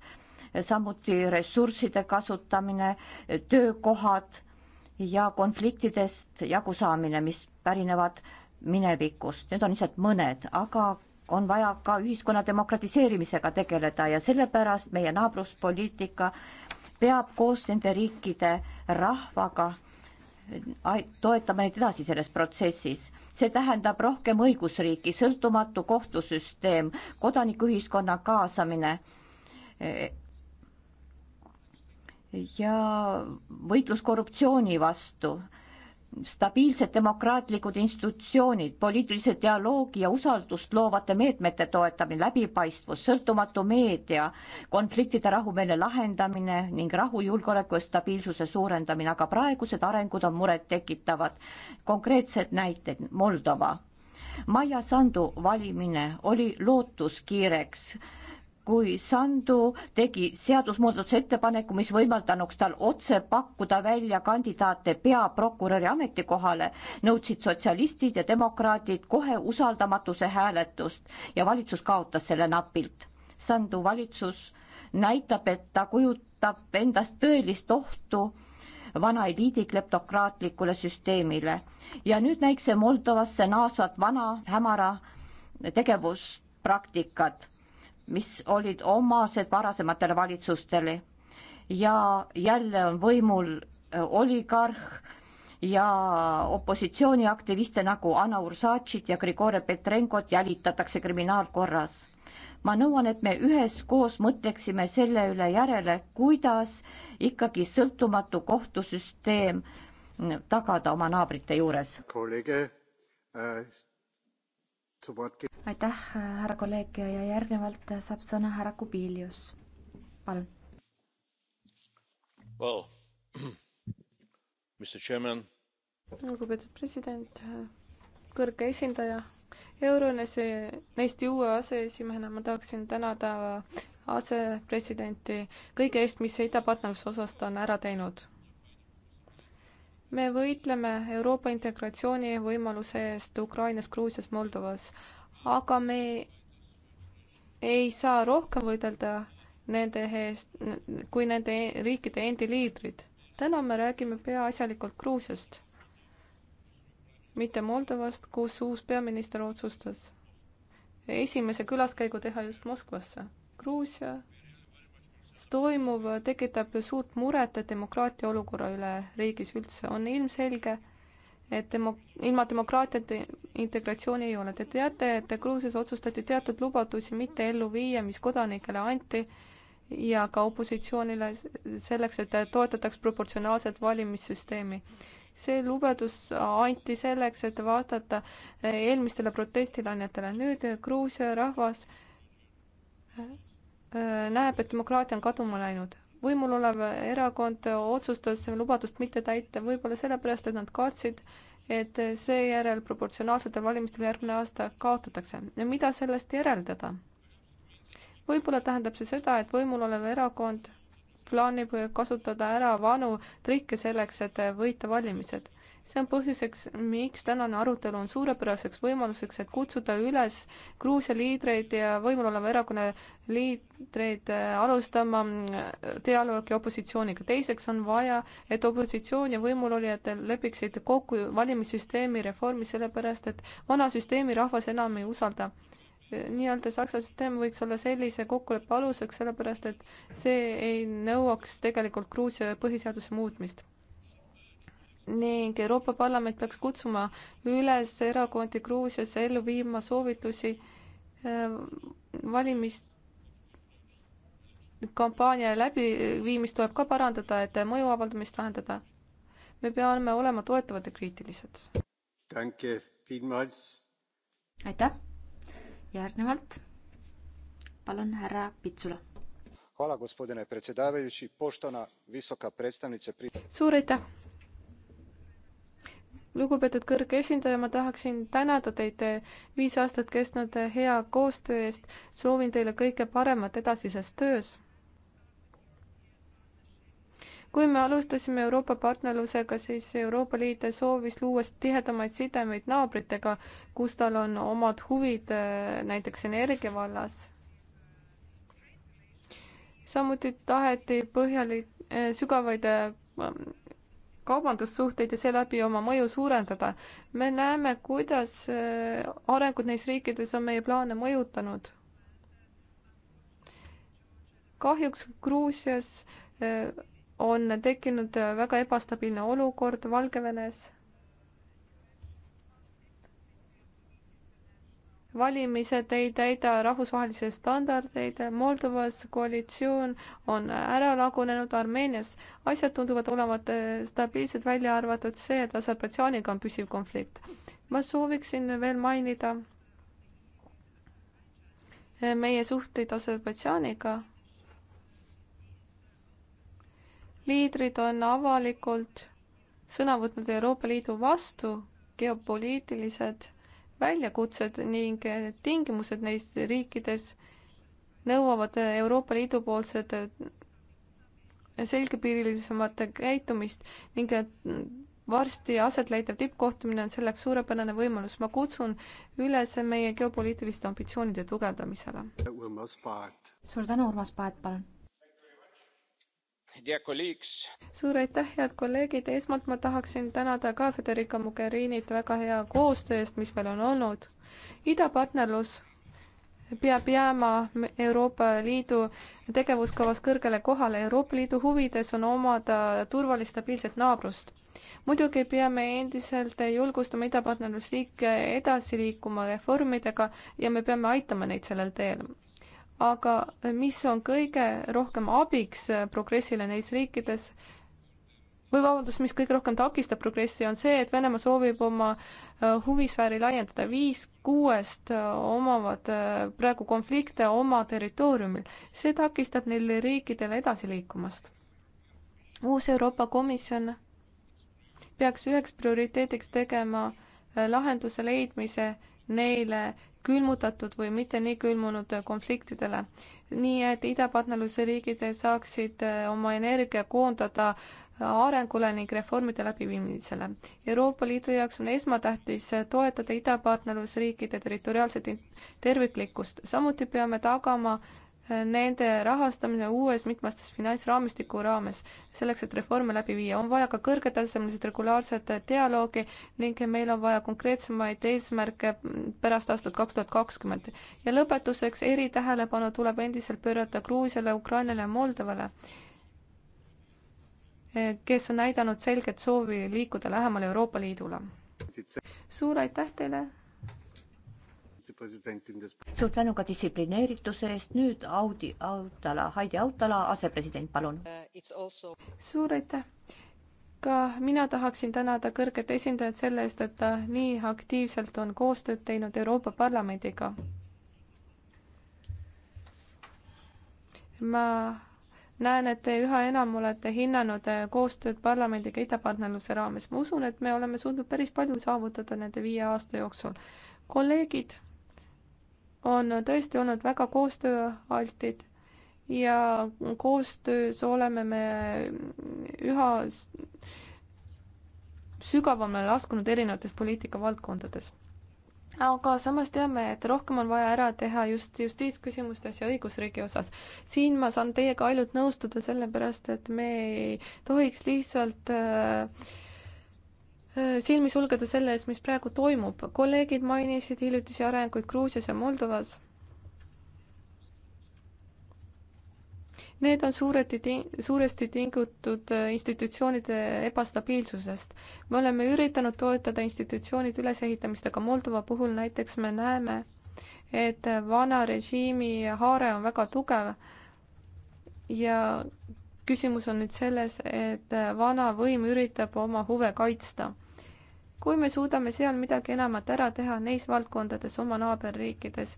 samuti ressursside kasutamine, töökohad ja konfliktidest jagusaamine, mis pärinevad minevikust, need on lihtsalt mõned, aga on vaja ka ühiskonna demokratiseerimisega tegeleda ja sellepärast meie naabruspoliitika peab koos nende riikide rahvaga äh, toetama neid edasi selles protsessis. see tähendab rohkem õigusriiki, sõltumatu kohtusüsteem, kodanikuühiskonna kaasamine, äh, ja võitlus korruptsiooni vastu, stabiilsed demokraatlikud institutsioonid, poliitilise dialoogi ja usaldust loovate meetmete toetamine, läbipaistvus, sõltumatu meedia, konfliktide rahumeelne lahendamine ning rahu, julgeoleku ja stabiilsuse suurendamine, aga praegused arengud on murettekitavad. konkreetsed näited, Moldova. Maia Sandu valimine oli lootuskiireks kui Sandu tegi seadusmuudatuse ettepaneku, mis võimaldanuks tal otse pakkuda välja kandidaate peaprokuröri ametikohale, nõudsid sotsialistid ja demokraadid kohe usaldamatuse hääletust ja valitsus kaotas selle napilt. Sandu valitsus näitab, et ta kujutab endast tõelist ohtu vana eliidi kleptokraatlikule süsteemile ja nüüd näikse Moldovasse naasvat vana hämara tegevuspraktikat mis olid omased varasematele valitsustele ja jälle on võimul äh, oligarh ja opositsiooniaktiviste nagu Anna Ursatšit ja Grigori Petrenkot jälitatakse kriminaalkorras. ma nõuan, et me üheskoos mõtleksime selle üle järele, kuidas ikkagi sõltumatu kohtusüsteem tagada oma naabrite juures. kolleeg äh, aitäh, härra kolleeg ja järgnevalt saab sõna härra Kubilius, palun. Well, Mr Chairman. lugupeetud president, kõrge esindaja, Euronesi, neist uue aseesimehena ma tahaksin tänada asepresidenti kõige eest, mis idapartnerluse osas ta on ära teinud me võitleme Euroopa integratsiooni võimaluse eest Ukrainas, Gruusias, Moldovas, aga me ei saa rohkem võidelda nende eest, kui nende riikide endi liidrid. täna me räägime peaasjalikult Gruusiast, mitte Moldovast, kus uus peaminister otsustas esimese külaskäigu teha just Moskvasse. Gruusia toimuv tekitab suurt muret demokraatia olukorra üle riigis üldse. on ilmselge, et demo-, ilma demokraatiat integratsiooni ei ole. Te teate, et Gruusias otsustati teatud lubadusi mitte ellu viia, mis kodanikele anti ja ka opositsioonile selleks, et toetataks proportsionaalset valimissüsteemi. see lubadus anti selleks, et vastata eelmistele protestilainetele. nüüd Gruusia rahvas näeb, et demokraatia on kaduma läinud. võimul olev erakond otsustas lubadust mitte täita võib-olla sellepärast, et nad kartsid, et seejärel proportsionaalsetel valimistel järgmine aasta kaotatakse. mida sellest järeldada? võib-olla tähendab see seda, et võimul olev erakond plaanib kasutada ära vanu trikke selleks, et võita valimised see on põhjuseks, miks tänane arutelu on suurepäraseks võimaluseks, et kutsuda üles Gruusia liidreid ja võimul oleva erakonna liidreid äh, alustama äh, dialoogi opositsiooniga. teiseks on vaja, et opositsioon ja võimulolijad lepiksid kokku valimissüsteemi reformi, sellepärast et vana süsteemi rahvas enam ei usalda äh, nii-öelda Saksa süsteem võiks olla sellise kokkuleppe aluseks, sellepärast et see ei nõuaks tegelikult Gruusia põhiseaduse muutmist ning Euroopa Parlament peaks kutsuma üles erakondi Gruusias ellu viima soovitusi äh, valimiskampaania läbiviimist tuleb ka parandada, et mõju avaldamist vähendada. me peame olema toetavad ja kriitilised. aitäh, järgnevalt palun härra Pitsula. suur aitäh, lugupeetud kõrge esindaja, ma tahaksin tänada teid viis aastat kestnud hea koostöö eest. soovin teile kõike paremat edasises töös. kui me alustasime Euroopa partnerlusega, siis Euroopa Liit soovis luua tihedamaid sidemeid naabritega, kus tal on omad huvid eh, näiteks energia vallas. samuti taheti põhjalik, eh, sügavaid eh, kaubandussuhteid ja seeläbi oma mõju suurendada. me näeme, kuidas äh, arengud neis riikides on meie plaane mõjutanud. kahjuks Gruusias äh, on tekkinud äh, väga ebastabiilne olukord Valgevenes valimised ei täida rahvusvahelisi standardeid, Moldovas koalitsioon on ära lagunenud, Armeenias asjad tunduvad olevat stabiilsed, välja arvatud see, et Aserbaidžaaniga on püsiv konflikt. ma sooviksin veel mainida meie suhteid Aserbaidžaaniga. liidrid on avalikult sõna võtnud Euroopa Liidu vastu, geopoliitilised väljakutsed ning tingimused neis riikides nõuavad Euroopa Liidu poolsed selgepiirilisemat käitumist ning varsti aset leidev tippkohtumine on selleks suurepärane võimalus. ma kutsun üles meie geopoliitiliste ambitsioonide tugevdamisele. suur tänu, Urmas Paet, palun suur aitäh, head kolleegid, esmalt ma tahaksin tänada ka Federica Mogherinit väga hea koostöö eest, mis meil on olnud. idapartnerlus peab jääma Euroopa Liidu tegevuskavas kõrgele kohale. Euroopa Liidu huvides on omada turvalist stabiilset naabrust. muidugi peame endiselt julgustama idapartnerlusriike edasi liikuma reformidega ja me peame aitama neid sellel teel aga mis on kõige rohkem abiks äh, progressile neis riikides või vabandust, mis kõige rohkem takistab progressi, on see, et Venemaa soovib oma äh, huvisfääri laiendada. viis kuuest äh, omavad praegu konflikte oma territooriumil. see takistab neil riikidel edasi liikumast. uus Euroopa Komisjon peaks üheks prioriteediks tegema lahenduse leidmise neile külmutatud või mitte nii külmunud konfliktidele. nii et idapartnerluse riigid saaksid eh, oma energia koondada arengule ning reformide läbiviimisele. Euroopa Liidu jaoks on esmatähtis toetada idapartnerlusriikide territoriaalset terviklikkust, samuti peame tagama äh, nende rahastamine uues mitmestes finantsraamistiku raames. selleks, et reforme läbi viia, on vaja ka kõrgetasemelist regulaarset dialoogi ning meil on vaja konkreetsemaid eesmärke pärast aastat kaks tuhat kakskümmend. ja lõpetuseks eritähelepanu tuleb endiselt pöörata Gruusiale, Ukrainale ja Moldovale kes on näidanud selget soovi liikuda lähemale Euroopa Liidule. suur aitäh teile suur tänu ka distsiplineerituse eest, nüüd Audi Autala, Heidi Autala, asepresident, palun. Uh, suur aitäh ka mina tahaksin tänada kõrget esindajat selle eest, et ta nii aktiivselt on koostööd teinud Euroopa Parlamendiga. ma näen, et te üha enam olete hinnanud eh, koostööd parlamendiga idapartnerluse raames. ma usun, et me oleme suutnud päris palju saavutada nende viie aasta jooksul. kolleegid on tõesti olnud väga koostööaltid ja koostöös oleme me üha sügavamale laskunud erinevates poliitikavaldkondades. aga samas teame, et rohkem on vaja ära teha just justiitsküsimustes ja õigusriigi osas. siin ma saan teiega ainult nõustuda, sellepärast et me ei tohiks lihtsalt äh, silmi sulgeda selle ees, mis praegu toimub. kolleegid mainisid hiljutisi arenguid Gruusias ja Moldovas. Need on suureti ting-, suuresti tingitud äh, institutsioonide ebastabiilsusest. me oleme üritanud toetada institutsioonide ülesehitamist, aga Moldova puhul näiteks me näeme, et vana režiimi haare on väga tugev ja küsimus on nüüd selles, et vana võim üritab oma huve kaitsta. kui me suudame seal midagi enamat ära teha neis valdkondades oma naaberriikides,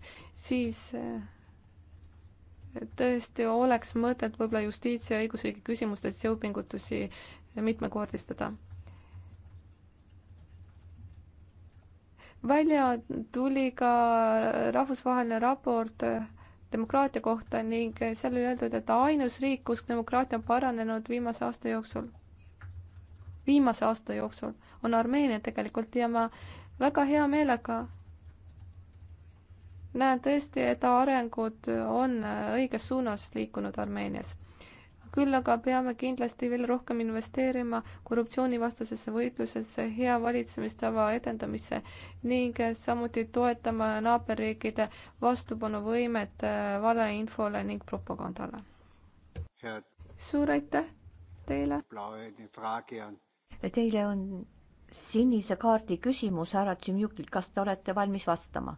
siis eh, tõesti oleks mõtet võib-olla justiits- ja õigusriigi küsimustes jõupingutusi mitmekordistada. välja tuli ka rahvusvaheline raport demokraatia kohta ning seal oli öeldud, et ainus riik, kus demokraatia on paranenud viimase aasta jooksul, viimase aasta jooksul, on Armeenia tegelikult ja ma väga hea meelega näen tõesti, et arengud on õiges suunas liikunud Armeenias küll aga peame kindlasti veel rohkem investeerima korruptsioonivastasesse võitlusesse, hea valitsemistava edendamisse ning samuti toetama naaberriikide vastupanuvõimet äh, valeinfole ning propagandale. suur aitäh teile! Teile on sinise kaardi küsimus härra Tšimjukilt, kas te olete valmis vastama?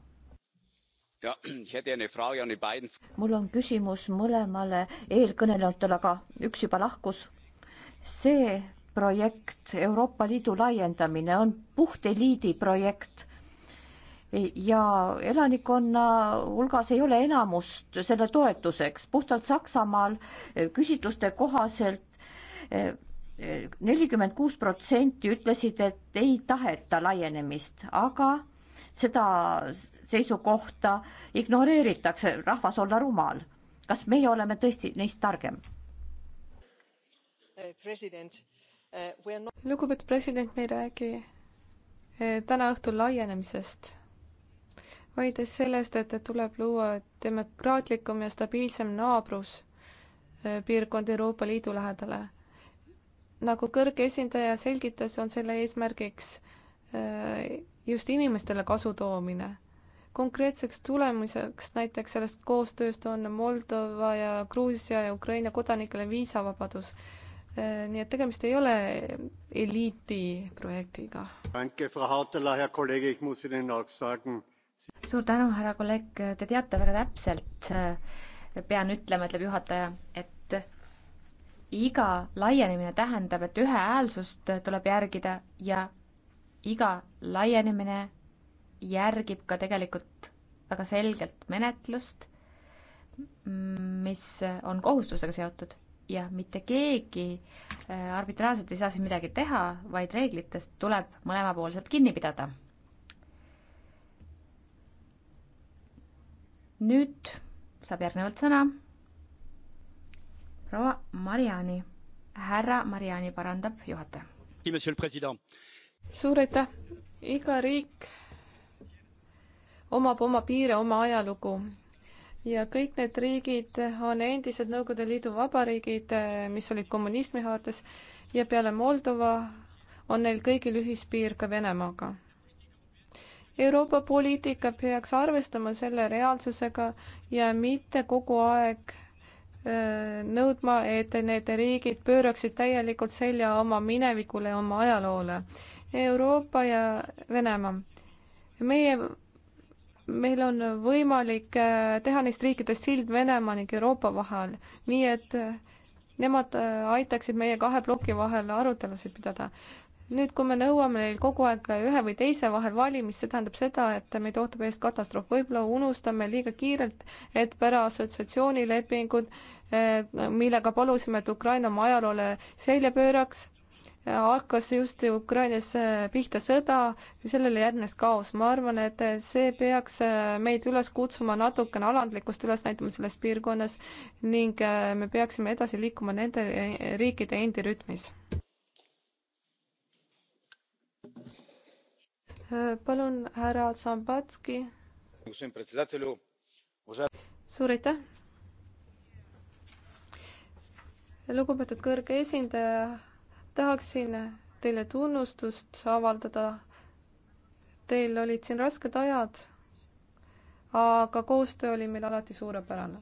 mul on küsimus mõlemale eelkõnelejatele, aga üks juba lahkus. see projekt, Euroopa Liidu laiendamine, on puht eliidi projekt ja elanikkonna hulgas ei ole enamust selle toetuseks. puhtalt Saksamaal küsitluste kohaselt eh, eh, nelikümmend kuus protsenti ütlesid, et ei taheta laienemist, aga seda seisukohta ignoreeritakse, rahvas olla rumal. kas meie oleme tõesti neist targem? Eh, eh, lugupeetud president, me ei räägi eh, täna õhtul laienemisest, vaid sellest, et tuleb luua demokraatlikum ja stabiilsem naabrus piirkond Euroopa Liidu lähedale. nagu kõrge esindaja selgitas, on selle eesmärgiks just inimestele kasu toomine. konkreetseks tulemuseks näiteks sellest koostööst on Moldova ja Gruusia ja Ukraina kodanikele viisavabadus. nii et tegemist ei ole eliiti projektiga. suur tänu, härra kolleeg, te teate väga täpselt, pean ütlema, ütleb juhataja, et iga laienemine tähendab, et ühehäälsust tuleb järgida ja iga laienemine järgib ka tegelikult väga selgelt menetlust, mis on kohustusega seotud ja mitte keegi äh, arbitraarselt ei saa siin midagi teha, vaid reeglitest tuleb mõlemapoolselt kinni pidada. nüüd saab järgnevalt sõna proua Mariani, härra Mariani parandab juhataja suur aitäh! iga riik omab oma piire, oma ajalugu ja kõik need riigid on endised Nõukogude Liidu vabariigid, mis olid kommunismi haardes ja peale Moldova on neil kõigil ühispiir ka Venemaaga. Euroopa poliitika peaks arvestama selle reaalsusega ja mitte kogu aeg äh, nõudma, et need riigid pööraksid täielikult selja oma minevikule ja oma ajaloole. Euroopa ja Venemaa. meie, meil on võimalik äh, teha neist riikidest sild Venemaa ning Euroopa vahel, nii et äh, nemad äh, aitaksid meie kahe ploki vahel arutelusid pidada. nüüd, kui me nõuame neil kogu aeg ühe või teise vahel valimist, see tähendab seda, et meid ootab ees katastroof, võib-olla unustame liiga kiirelt, et pärast assotsiatsioonilepingut, millega palusime, et Ukraina oma ajaloole selja pööraks hakkas just Ukrainias äh, pihta sõda, sellele järgnes kaos. ma arvan, et äh, see peaks äh, meid üles kutsuma natukene alandlikkust üles näitama selles piirkonnas ning me peaksime edasi liikuma nende riikide endi rütmis. palun, härra Zambatski. suur aitäh. lugupeetud kõrge esindaja tahaksin teile tunnustust avaldada. Teil olid siin rasked ajad, aga koostöö oli meil alati suurepärane.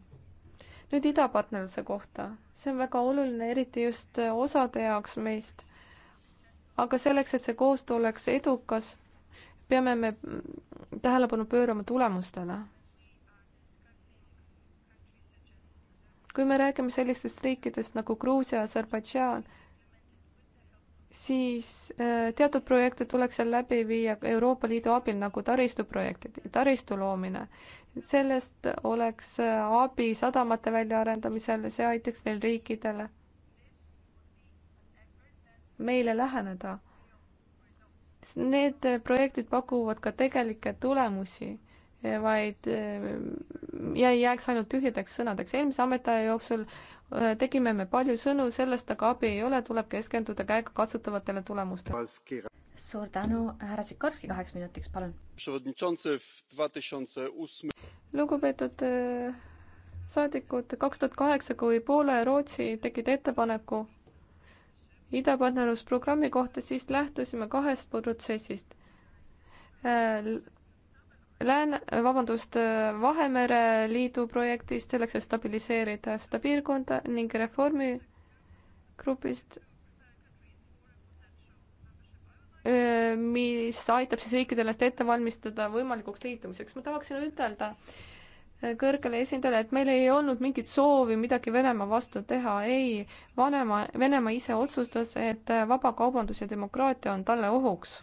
nüüd idapartnerluse kohta, see on väga oluline, eriti just osade jaoks meist. aga selleks, et see koostöö oleks edukas, peame me tähelepanu pöörama tulemustele kui me räägime sellistest riikidest nagu Gruusia, Aserbaidžaan, siis äh, teatud projekte tuleks seal läbi viia Euroopa Liidu abil, nagu taristuprojektid, taristu loomine. sellest oleks äh, abi sadamate väljaarendamisel, see aitaks neil riikidele meile läheneda. Need äh, projektid pakuvad ka tegelikke tulemusi, vaid ja ei jääks ainult tühjadeks sõnadeks. eelmise ametiaja jooksul Äh, tegime me palju sõnu, sellest aga abi ei ole, tuleb keskenduda käegakatsutavatele tulemustele. suur tänu, härra Sikorski, kaheks minutiks, palun. lugupeetud äh, saadikud, kaks tuhat kaheksa, kui Poola ja Rootsi tegid ettepaneku idapartnerlusprogrammi kohta, siis lähtusime kahest protsessist äh, Lääne, vabandust, Vahemere Liidu projektist selleks, et stabiliseerida seda piirkonda ning reformigrupist, mis aitab siis riikidel ennast ette valmistada võimalikuks liitumiseks. ma tahaksin ütelda kõrgele esindajale, et meil ei olnud mingit soovi midagi Venemaa vastu teha, ei, vanema, Venemaa ise otsustas, et äh, vabakaubandus ja demokraatia on talle ohuks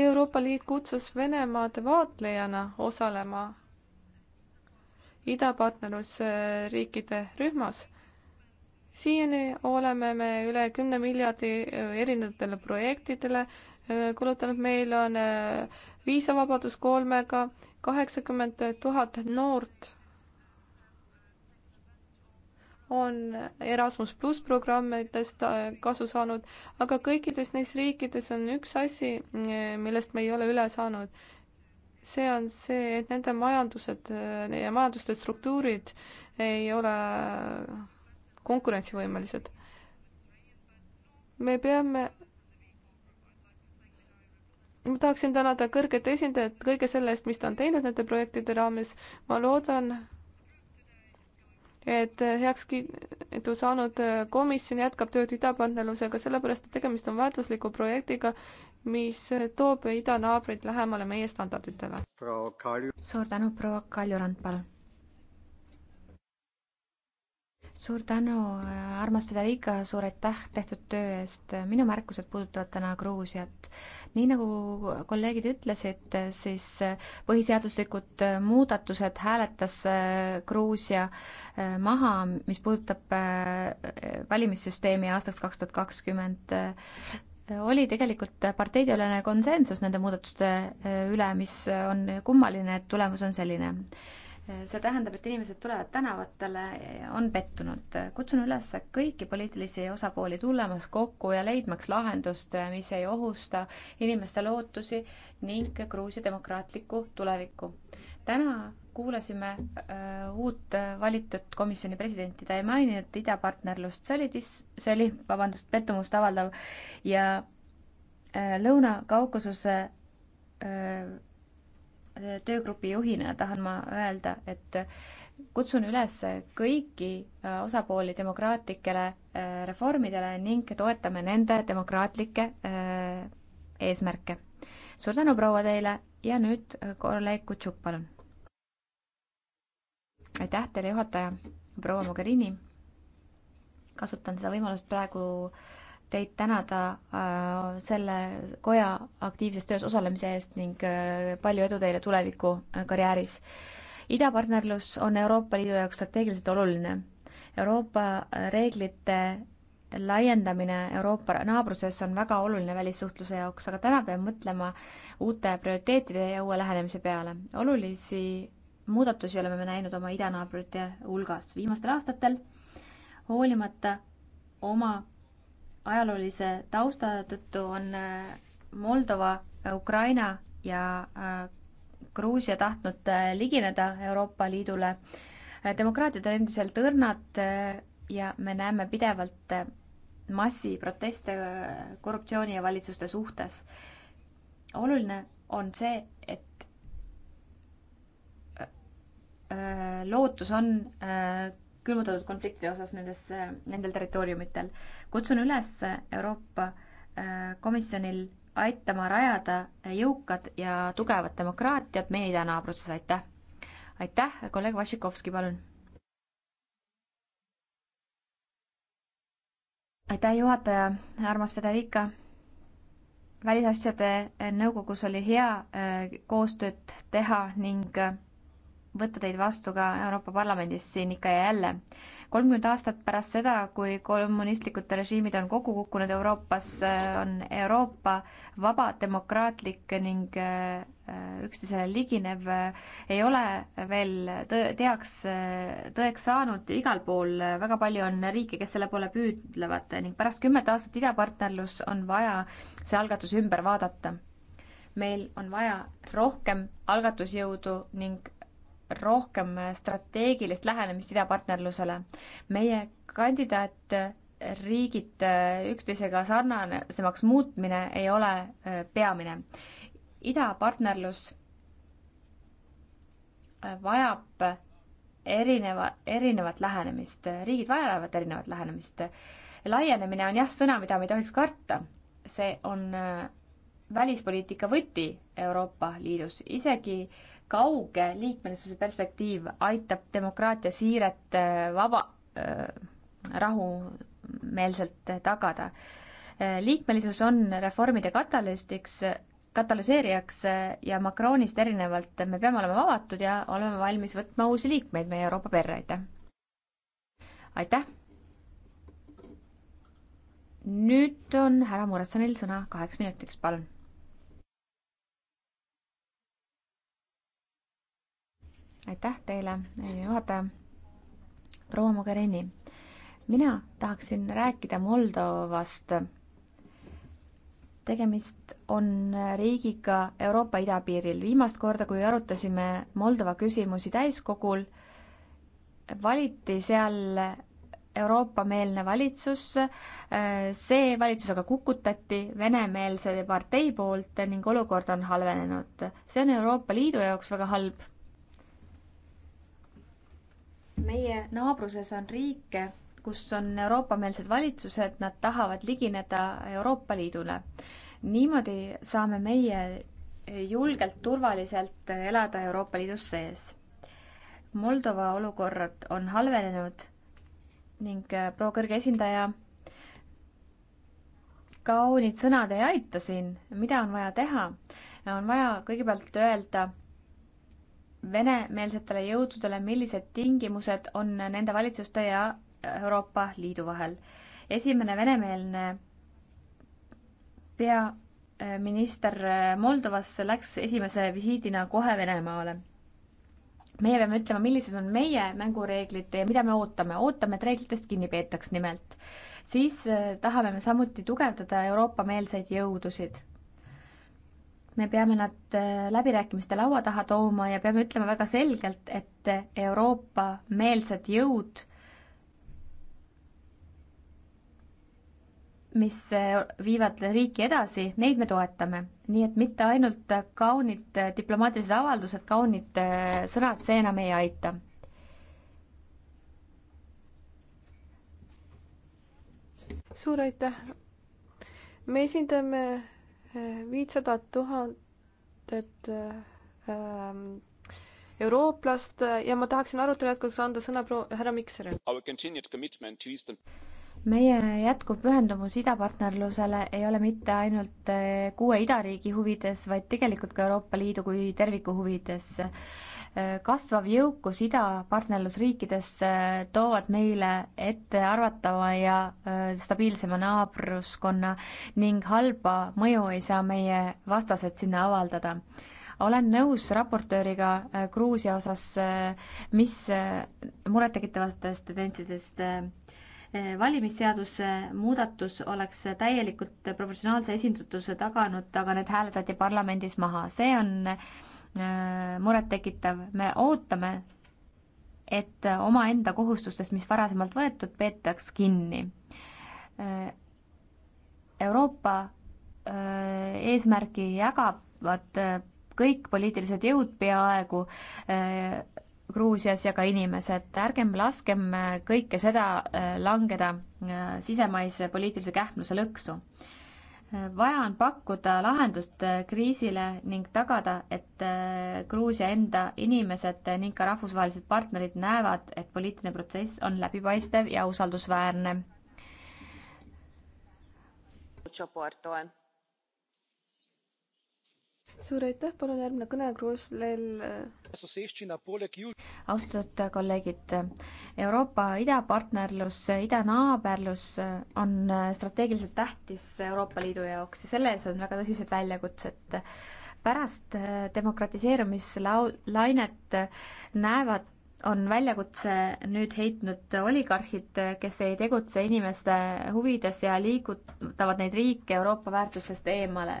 Euroopa Liit kutsus Venemaad vaatlejana osalema idapartnerlusriikide rühmas. siiani oleme me üle kümne miljardi erinevatele projektidele äh, kulutanud, meil on äh, viisavabadus kolmega, kaheksakümmend tuhat noort on Erasmus pluss programmidest äh, kasu saanud, aga kõikides neis riikides on üks asi, äh, millest me ei ole üle saanud. see on see, et nende majandused, meie äh, majanduste struktuurid ei ole konkurentsivõimelised. me peame ma tahaksin tänada kõrget esindajat kõige selle eest, mis ta on teinud nende projektide raames. ma loodan, et heakskiidu saanud komisjon jätkab tööd idapartnerlusega, sellepärast et tegemist on väärtusliku projektiga, mis toob idanaabrid lähemale meie standarditele. suur tänu, proua Kaljurand, palun. suur tänu, armas Federica, suur aitäh tehtud töö eest. minu märkused puudutavad täna Gruusiat nii nagu kolleegid ütlesid, siis põhiseaduslikud muudatused hääletas äh, Gruusia äh, maha, mis puudutab äh, valimissüsteemi aastaks kaks tuhat kakskümmend oli tegelikult parteideülene konsensus nende muudatuste üle, mis on kummaline, et tulemus on selline see tähendab, et inimesed tulevad tänavatele, on pettunud. kutsun üles kõiki poliitilisi osapooli tulemas kokku ja leidmaks lahendust, mis ei ohusta inimeste lootusi ning Gruusia demokraatlikku tulevikku. täna kuulasime äh, uut valitud komisjoni presidenti, ta ei maininud idapartnerlust, see oli dis-, see oli, vabandust, pettumust avaldav ja äh, Lõuna-Kaukasuse äh, töögrupi juhina tahan ma öelda, et kutsun üles kõiki äh, osapooli demokraatlikele äh, reformidele ning toetame nende demokraatlikke äh, eesmärke. suur tänu, proua teile ja nüüd kolleeg Kutšuk, palun. aitäh teile, juhataja, proua Mogherini. kasutan seda võimalust praegu äh, teid tänada äh, selle koja aktiivses töös osalemise eest ning äh, palju edu teile tuleviku äh, karjääris. idapartnerlus on Euroopa Liidu jaoks strateegiliselt oluline. Euroopa reeglite laiendamine Euroopa naabruses on väga oluline välissuhtluse jaoks, aga täna peame mõtlema uute prioriteetide ja uue lähenemise peale. olulisi muudatusi oleme me näinud oma idanaabrite hulgas viimastel aastatel, hoolimata oma ajaloolise tausta tõttu on äh, Moldova, äh, Ukraina ja äh, Gruusia tahtnud ligineda Euroopa Liidule. demokraatiad on endiselt õrnad ja me näeme pidevalt massiproteste korruptsiooni ja valitsuste suhtes. oluline on see, et lootus on külmutatud konflikti osas nendes, nendel territooriumitel. kutsun üles Euroopa äh, Komisjonil aitama rajada jõukad ja tugevad demokraatiad meie idanaabruses, aitäh! aitäh, kolleeg Vašikovski, palun! aitäh, juhataja, armas Federica! välisasjade nõukogus oli hea äh, koostööd teha ning äh, võtta teid vastu ka Euroopa Parlamendis siin ikka ja jälle. kolmkümmend aastat pärast seda, kui kommunistlikud režiimid on kokku kukkunud Euroopas, on Euroopa vaba, demokraatlik ning äh, üksteisele liginev äh, ei ole veel teaks, äh, tõeks saanud igal pool, väga palju on riike, kes selle poole püüdlevad ning pärast kümmet aastat idapartnerlus on vaja see algatus ümber vaadata meil on vaja rohkem algatusjõudu ning rohkem strateegilist lähenemist idapartnerlusele. meie kandidaatriigid äh, äh, üksteisega sarnasemaks muutmine ei ole äh, peamine. idapartnerlus vajab erineva, erinevat lähenemist, riigid vajavad erinevat lähenemist. laienemine on jah, sõna, mida me ei tohiks karta, see on välispoliitika võti Euroopa Liidus, isegi äh, kauge liikmelisuse perspektiiv aitab demokraatia siiret äh, vaba äh,, rahumeelselt tagada. Äh, liikmelisus on reformide katalüstiks, katalüseerijaks äh, ja Macronist erinevalt me peame olema avatud ja oleme valmis võtma uusi liikmeid meie Euroopa perre, aitäh! aitäh! nüüd on härra Muretsanil sõna kaheks minutiks, palun aitäh teile, eh, juhataja. proua Mogherini, mina tahaksin rääkida Moldovast. tegemist on riigiga Euroopa idapiiril. viimast korda, kui arutasime Moldova küsimusi täiskogul, valiti seal Euroopa-meelne valitsus, eh, see valitsus aga kukutati venemeelse partei poolt ning olukord on halvenenud. see on Euroopa Liidu jaoks väga halb meie naabruses on riike, kus on Euroopa-meelsed valitsused, nad tahavad ligineda Euroopa Liidule. niimoodi saame meie julgelt, turvaliselt elada Euroopa Liidus sees. Moldova olukorrad on halvenenud ning äh, proua kõrge esindaja, kaunid sõnad ei aita siin, mida on vaja teha? on vaja kõigepealt öelda venemeelsetele jõududele, millised tingimused on nende valitsuste ja Euroopa Liidu vahel. esimene venemeelne peaminister Moldovasse läks esimese visiidina kohe Venemaale. meie peame ütlema, millised on meie mängureeglid ja mida me ootame, ootame, et reeglitest kinni peetaks nimelt. siis eh, tahame me samuti tugevdada Euroopa-meelseid jõudusid me peame nad äh, läbirääkimiste laua taha tooma ja peame ütlema väga selgelt, et Euroopa-meelsed jõud, mis äh, viivad riiki edasi, neid me toetame. nii et mitte ainult kaunid äh, diplomaatilised avaldused, kaunid sõnad, see enam ei aita. suur aitäh! me esindame viitsada tuhandet ähm, eurooplast ja ma tahaksin arutelu jätkuks anda sõna härra Mikserile. meie jätkuv pühendumus idapartnerlusele ei ole mitte ainult äh, kuue idariigi huvides, vaid tegelikult ka Euroopa Liidu kui terviku huvides kasvav jõukus idapartnerlusriikides toovad meile ettearvatava ja stabiilsema naabruskonna ning halba mõju ei saa meie vastased sinna avaldada. olen nõus raportööriga Gruusia osas, mis murettekitavatest tendentsidest valimisseaduse muudatus oleks täielikult proportsionaalse esindatuse taganud, aga need hääletati parlamendis maha. see on äh, Äh, murettekitav, me ootame, et omaenda kohustustest, mis varasemalt võetud, peetaks kinni. Äh, Euroopa äh, eesmärki jagavad kõik poliitilised jõud peaaegu Gruusias ja ka inimesed, ärgem laskem kõike seda langeda sisemaise poliitilise kähmluse lõksu vaja on pakkuda lahendust äh, kriisile ning tagada, et äh, Gruusia enda inimesed ning ka rahvusvahelised partnerid näevad, et poliitiline protsess on läbipaistev ja usaldusväärne suur aitäh, palun järgmine kõne, Kruuslel. austatud kolleegid, Euroopa idapartnerlus, idanaaberlus on strateegiliselt tähtis Euroopa Liidu jaoks ja selle ees on väga tõsised väljakutsed pärast demokratiseerumislainet näevad on väljakutse nüüd heitnud oligarhid, kes ei tegutse inimeste huvides ja liigutavad neid riike Euroopa väärtustest eemale.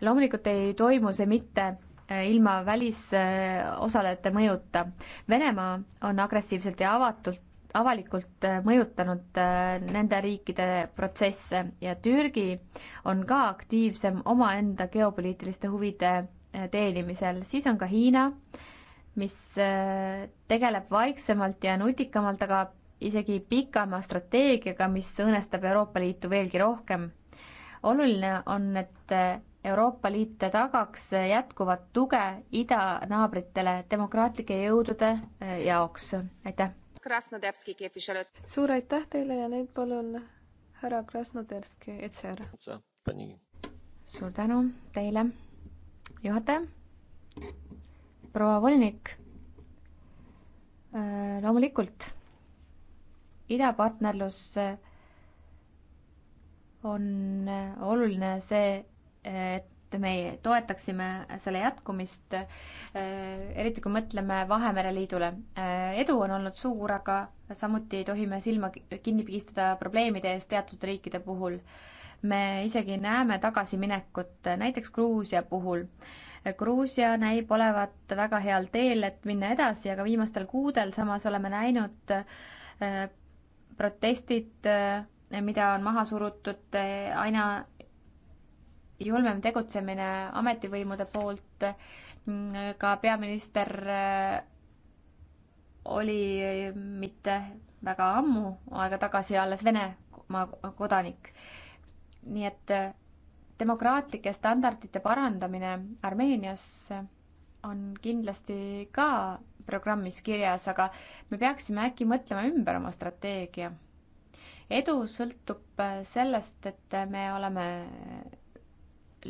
loomulikult ei toimu see mitte eh, ilma välisosalejate mõjuta. Venemaa on agressiivselt ja avatult avalikult eh, mõjutanud eh, nende riikide protsesse ja Türgi on ka aktiivsem omaenda geopoliitiliste huvide teenimisel, siis on ka Hiina äh,, mis äh, tegeleb vaiksemalt ja nutikamalt, aga isegi pikama strateegiaga, mis õõnestab Euroopa Liitu veelgi rohkem. oluline on, et äh, Euroopa Liit tagaks äh, jätkuvat tuge idanaabritele demokraatlike jõudude jaoks, aitäh! suur aitäh teile ja nüüd palun härra Krasnodarski, ETSR. suur tänu teile, juhataja proua volinik. Äh, loomulikult, idapartnerlus äh, on äh, oluline see, et me toetaksime selle jätkumist, eriti kui mõtleme Vahemere Liidule. edu on olnud suur, aga samuti ei tohi me silma kinni pigistada probleemide ees teatud riikide puhul. me isegi näeme tagasiminekut näiteks Gruusia puhul Gruusia näib olevat väga heal teel, et minna edasi, aga viimastel kuudel samas oleme näinud äh, protestid, äh, mida on maha surutud äh, aina julmem tegutsemine ametivõimude poolt. Mm, ka peaminister oli mitte väga ammu aega tagasi alles Venemaa kodanik. nii et demokraatlike standardite parandamine Armeenias on kindlasti ka programmis kirjas, aga me peaksime äkki mõtlema ümber oma strateegia. edu sõltub sellest, et me oleme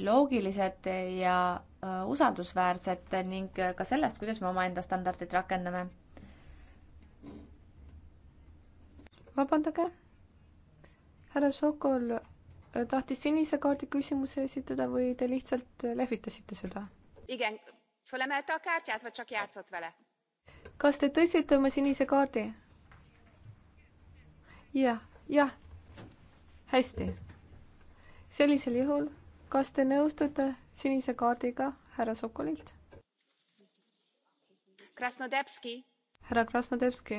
loogilised ja äh, usaldusväärsed ning ka sellest, kuidas me omaenda standardid rakendame. vabandage, härra Sokol tahtis sinise kaardi küsimuse esitada või te lihtsalt lehvitasite seda? kas te tõstsite oma sinise kaardi? jah, jah. hästi. sellisel juhul, kas te nõustute sinise kaardiga härra Sokolilt? härra Krasnodebski.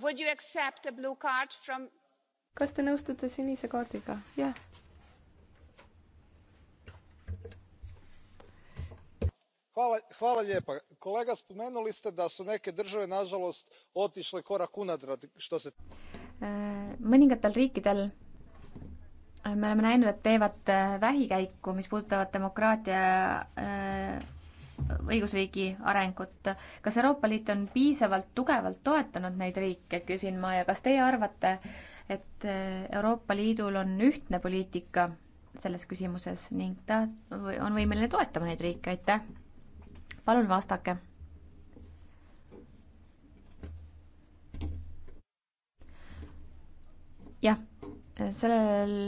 Would you accept a blue card from kas te nõustute sinise kaardiga? jah. hvala lijepa. kolega spomenuli ste da su neke države nažalost otišle korak unatrag što se. Äh, mõningatel riikidel äh, me oleme näinud, et teevad äh, vähikäiku, mis puudutavad demokraatia õigusriigi arengut. kas Euroopa Liit on piisavalt tugevalt toetanud neid riike, küsin ma, ja kas teie arvate, et eh, Euroopa Liidul on ühtne poliitika selles küsimuses ning ta on võimeline toetama neid riike, aitäh. palun vastake. jah, sellel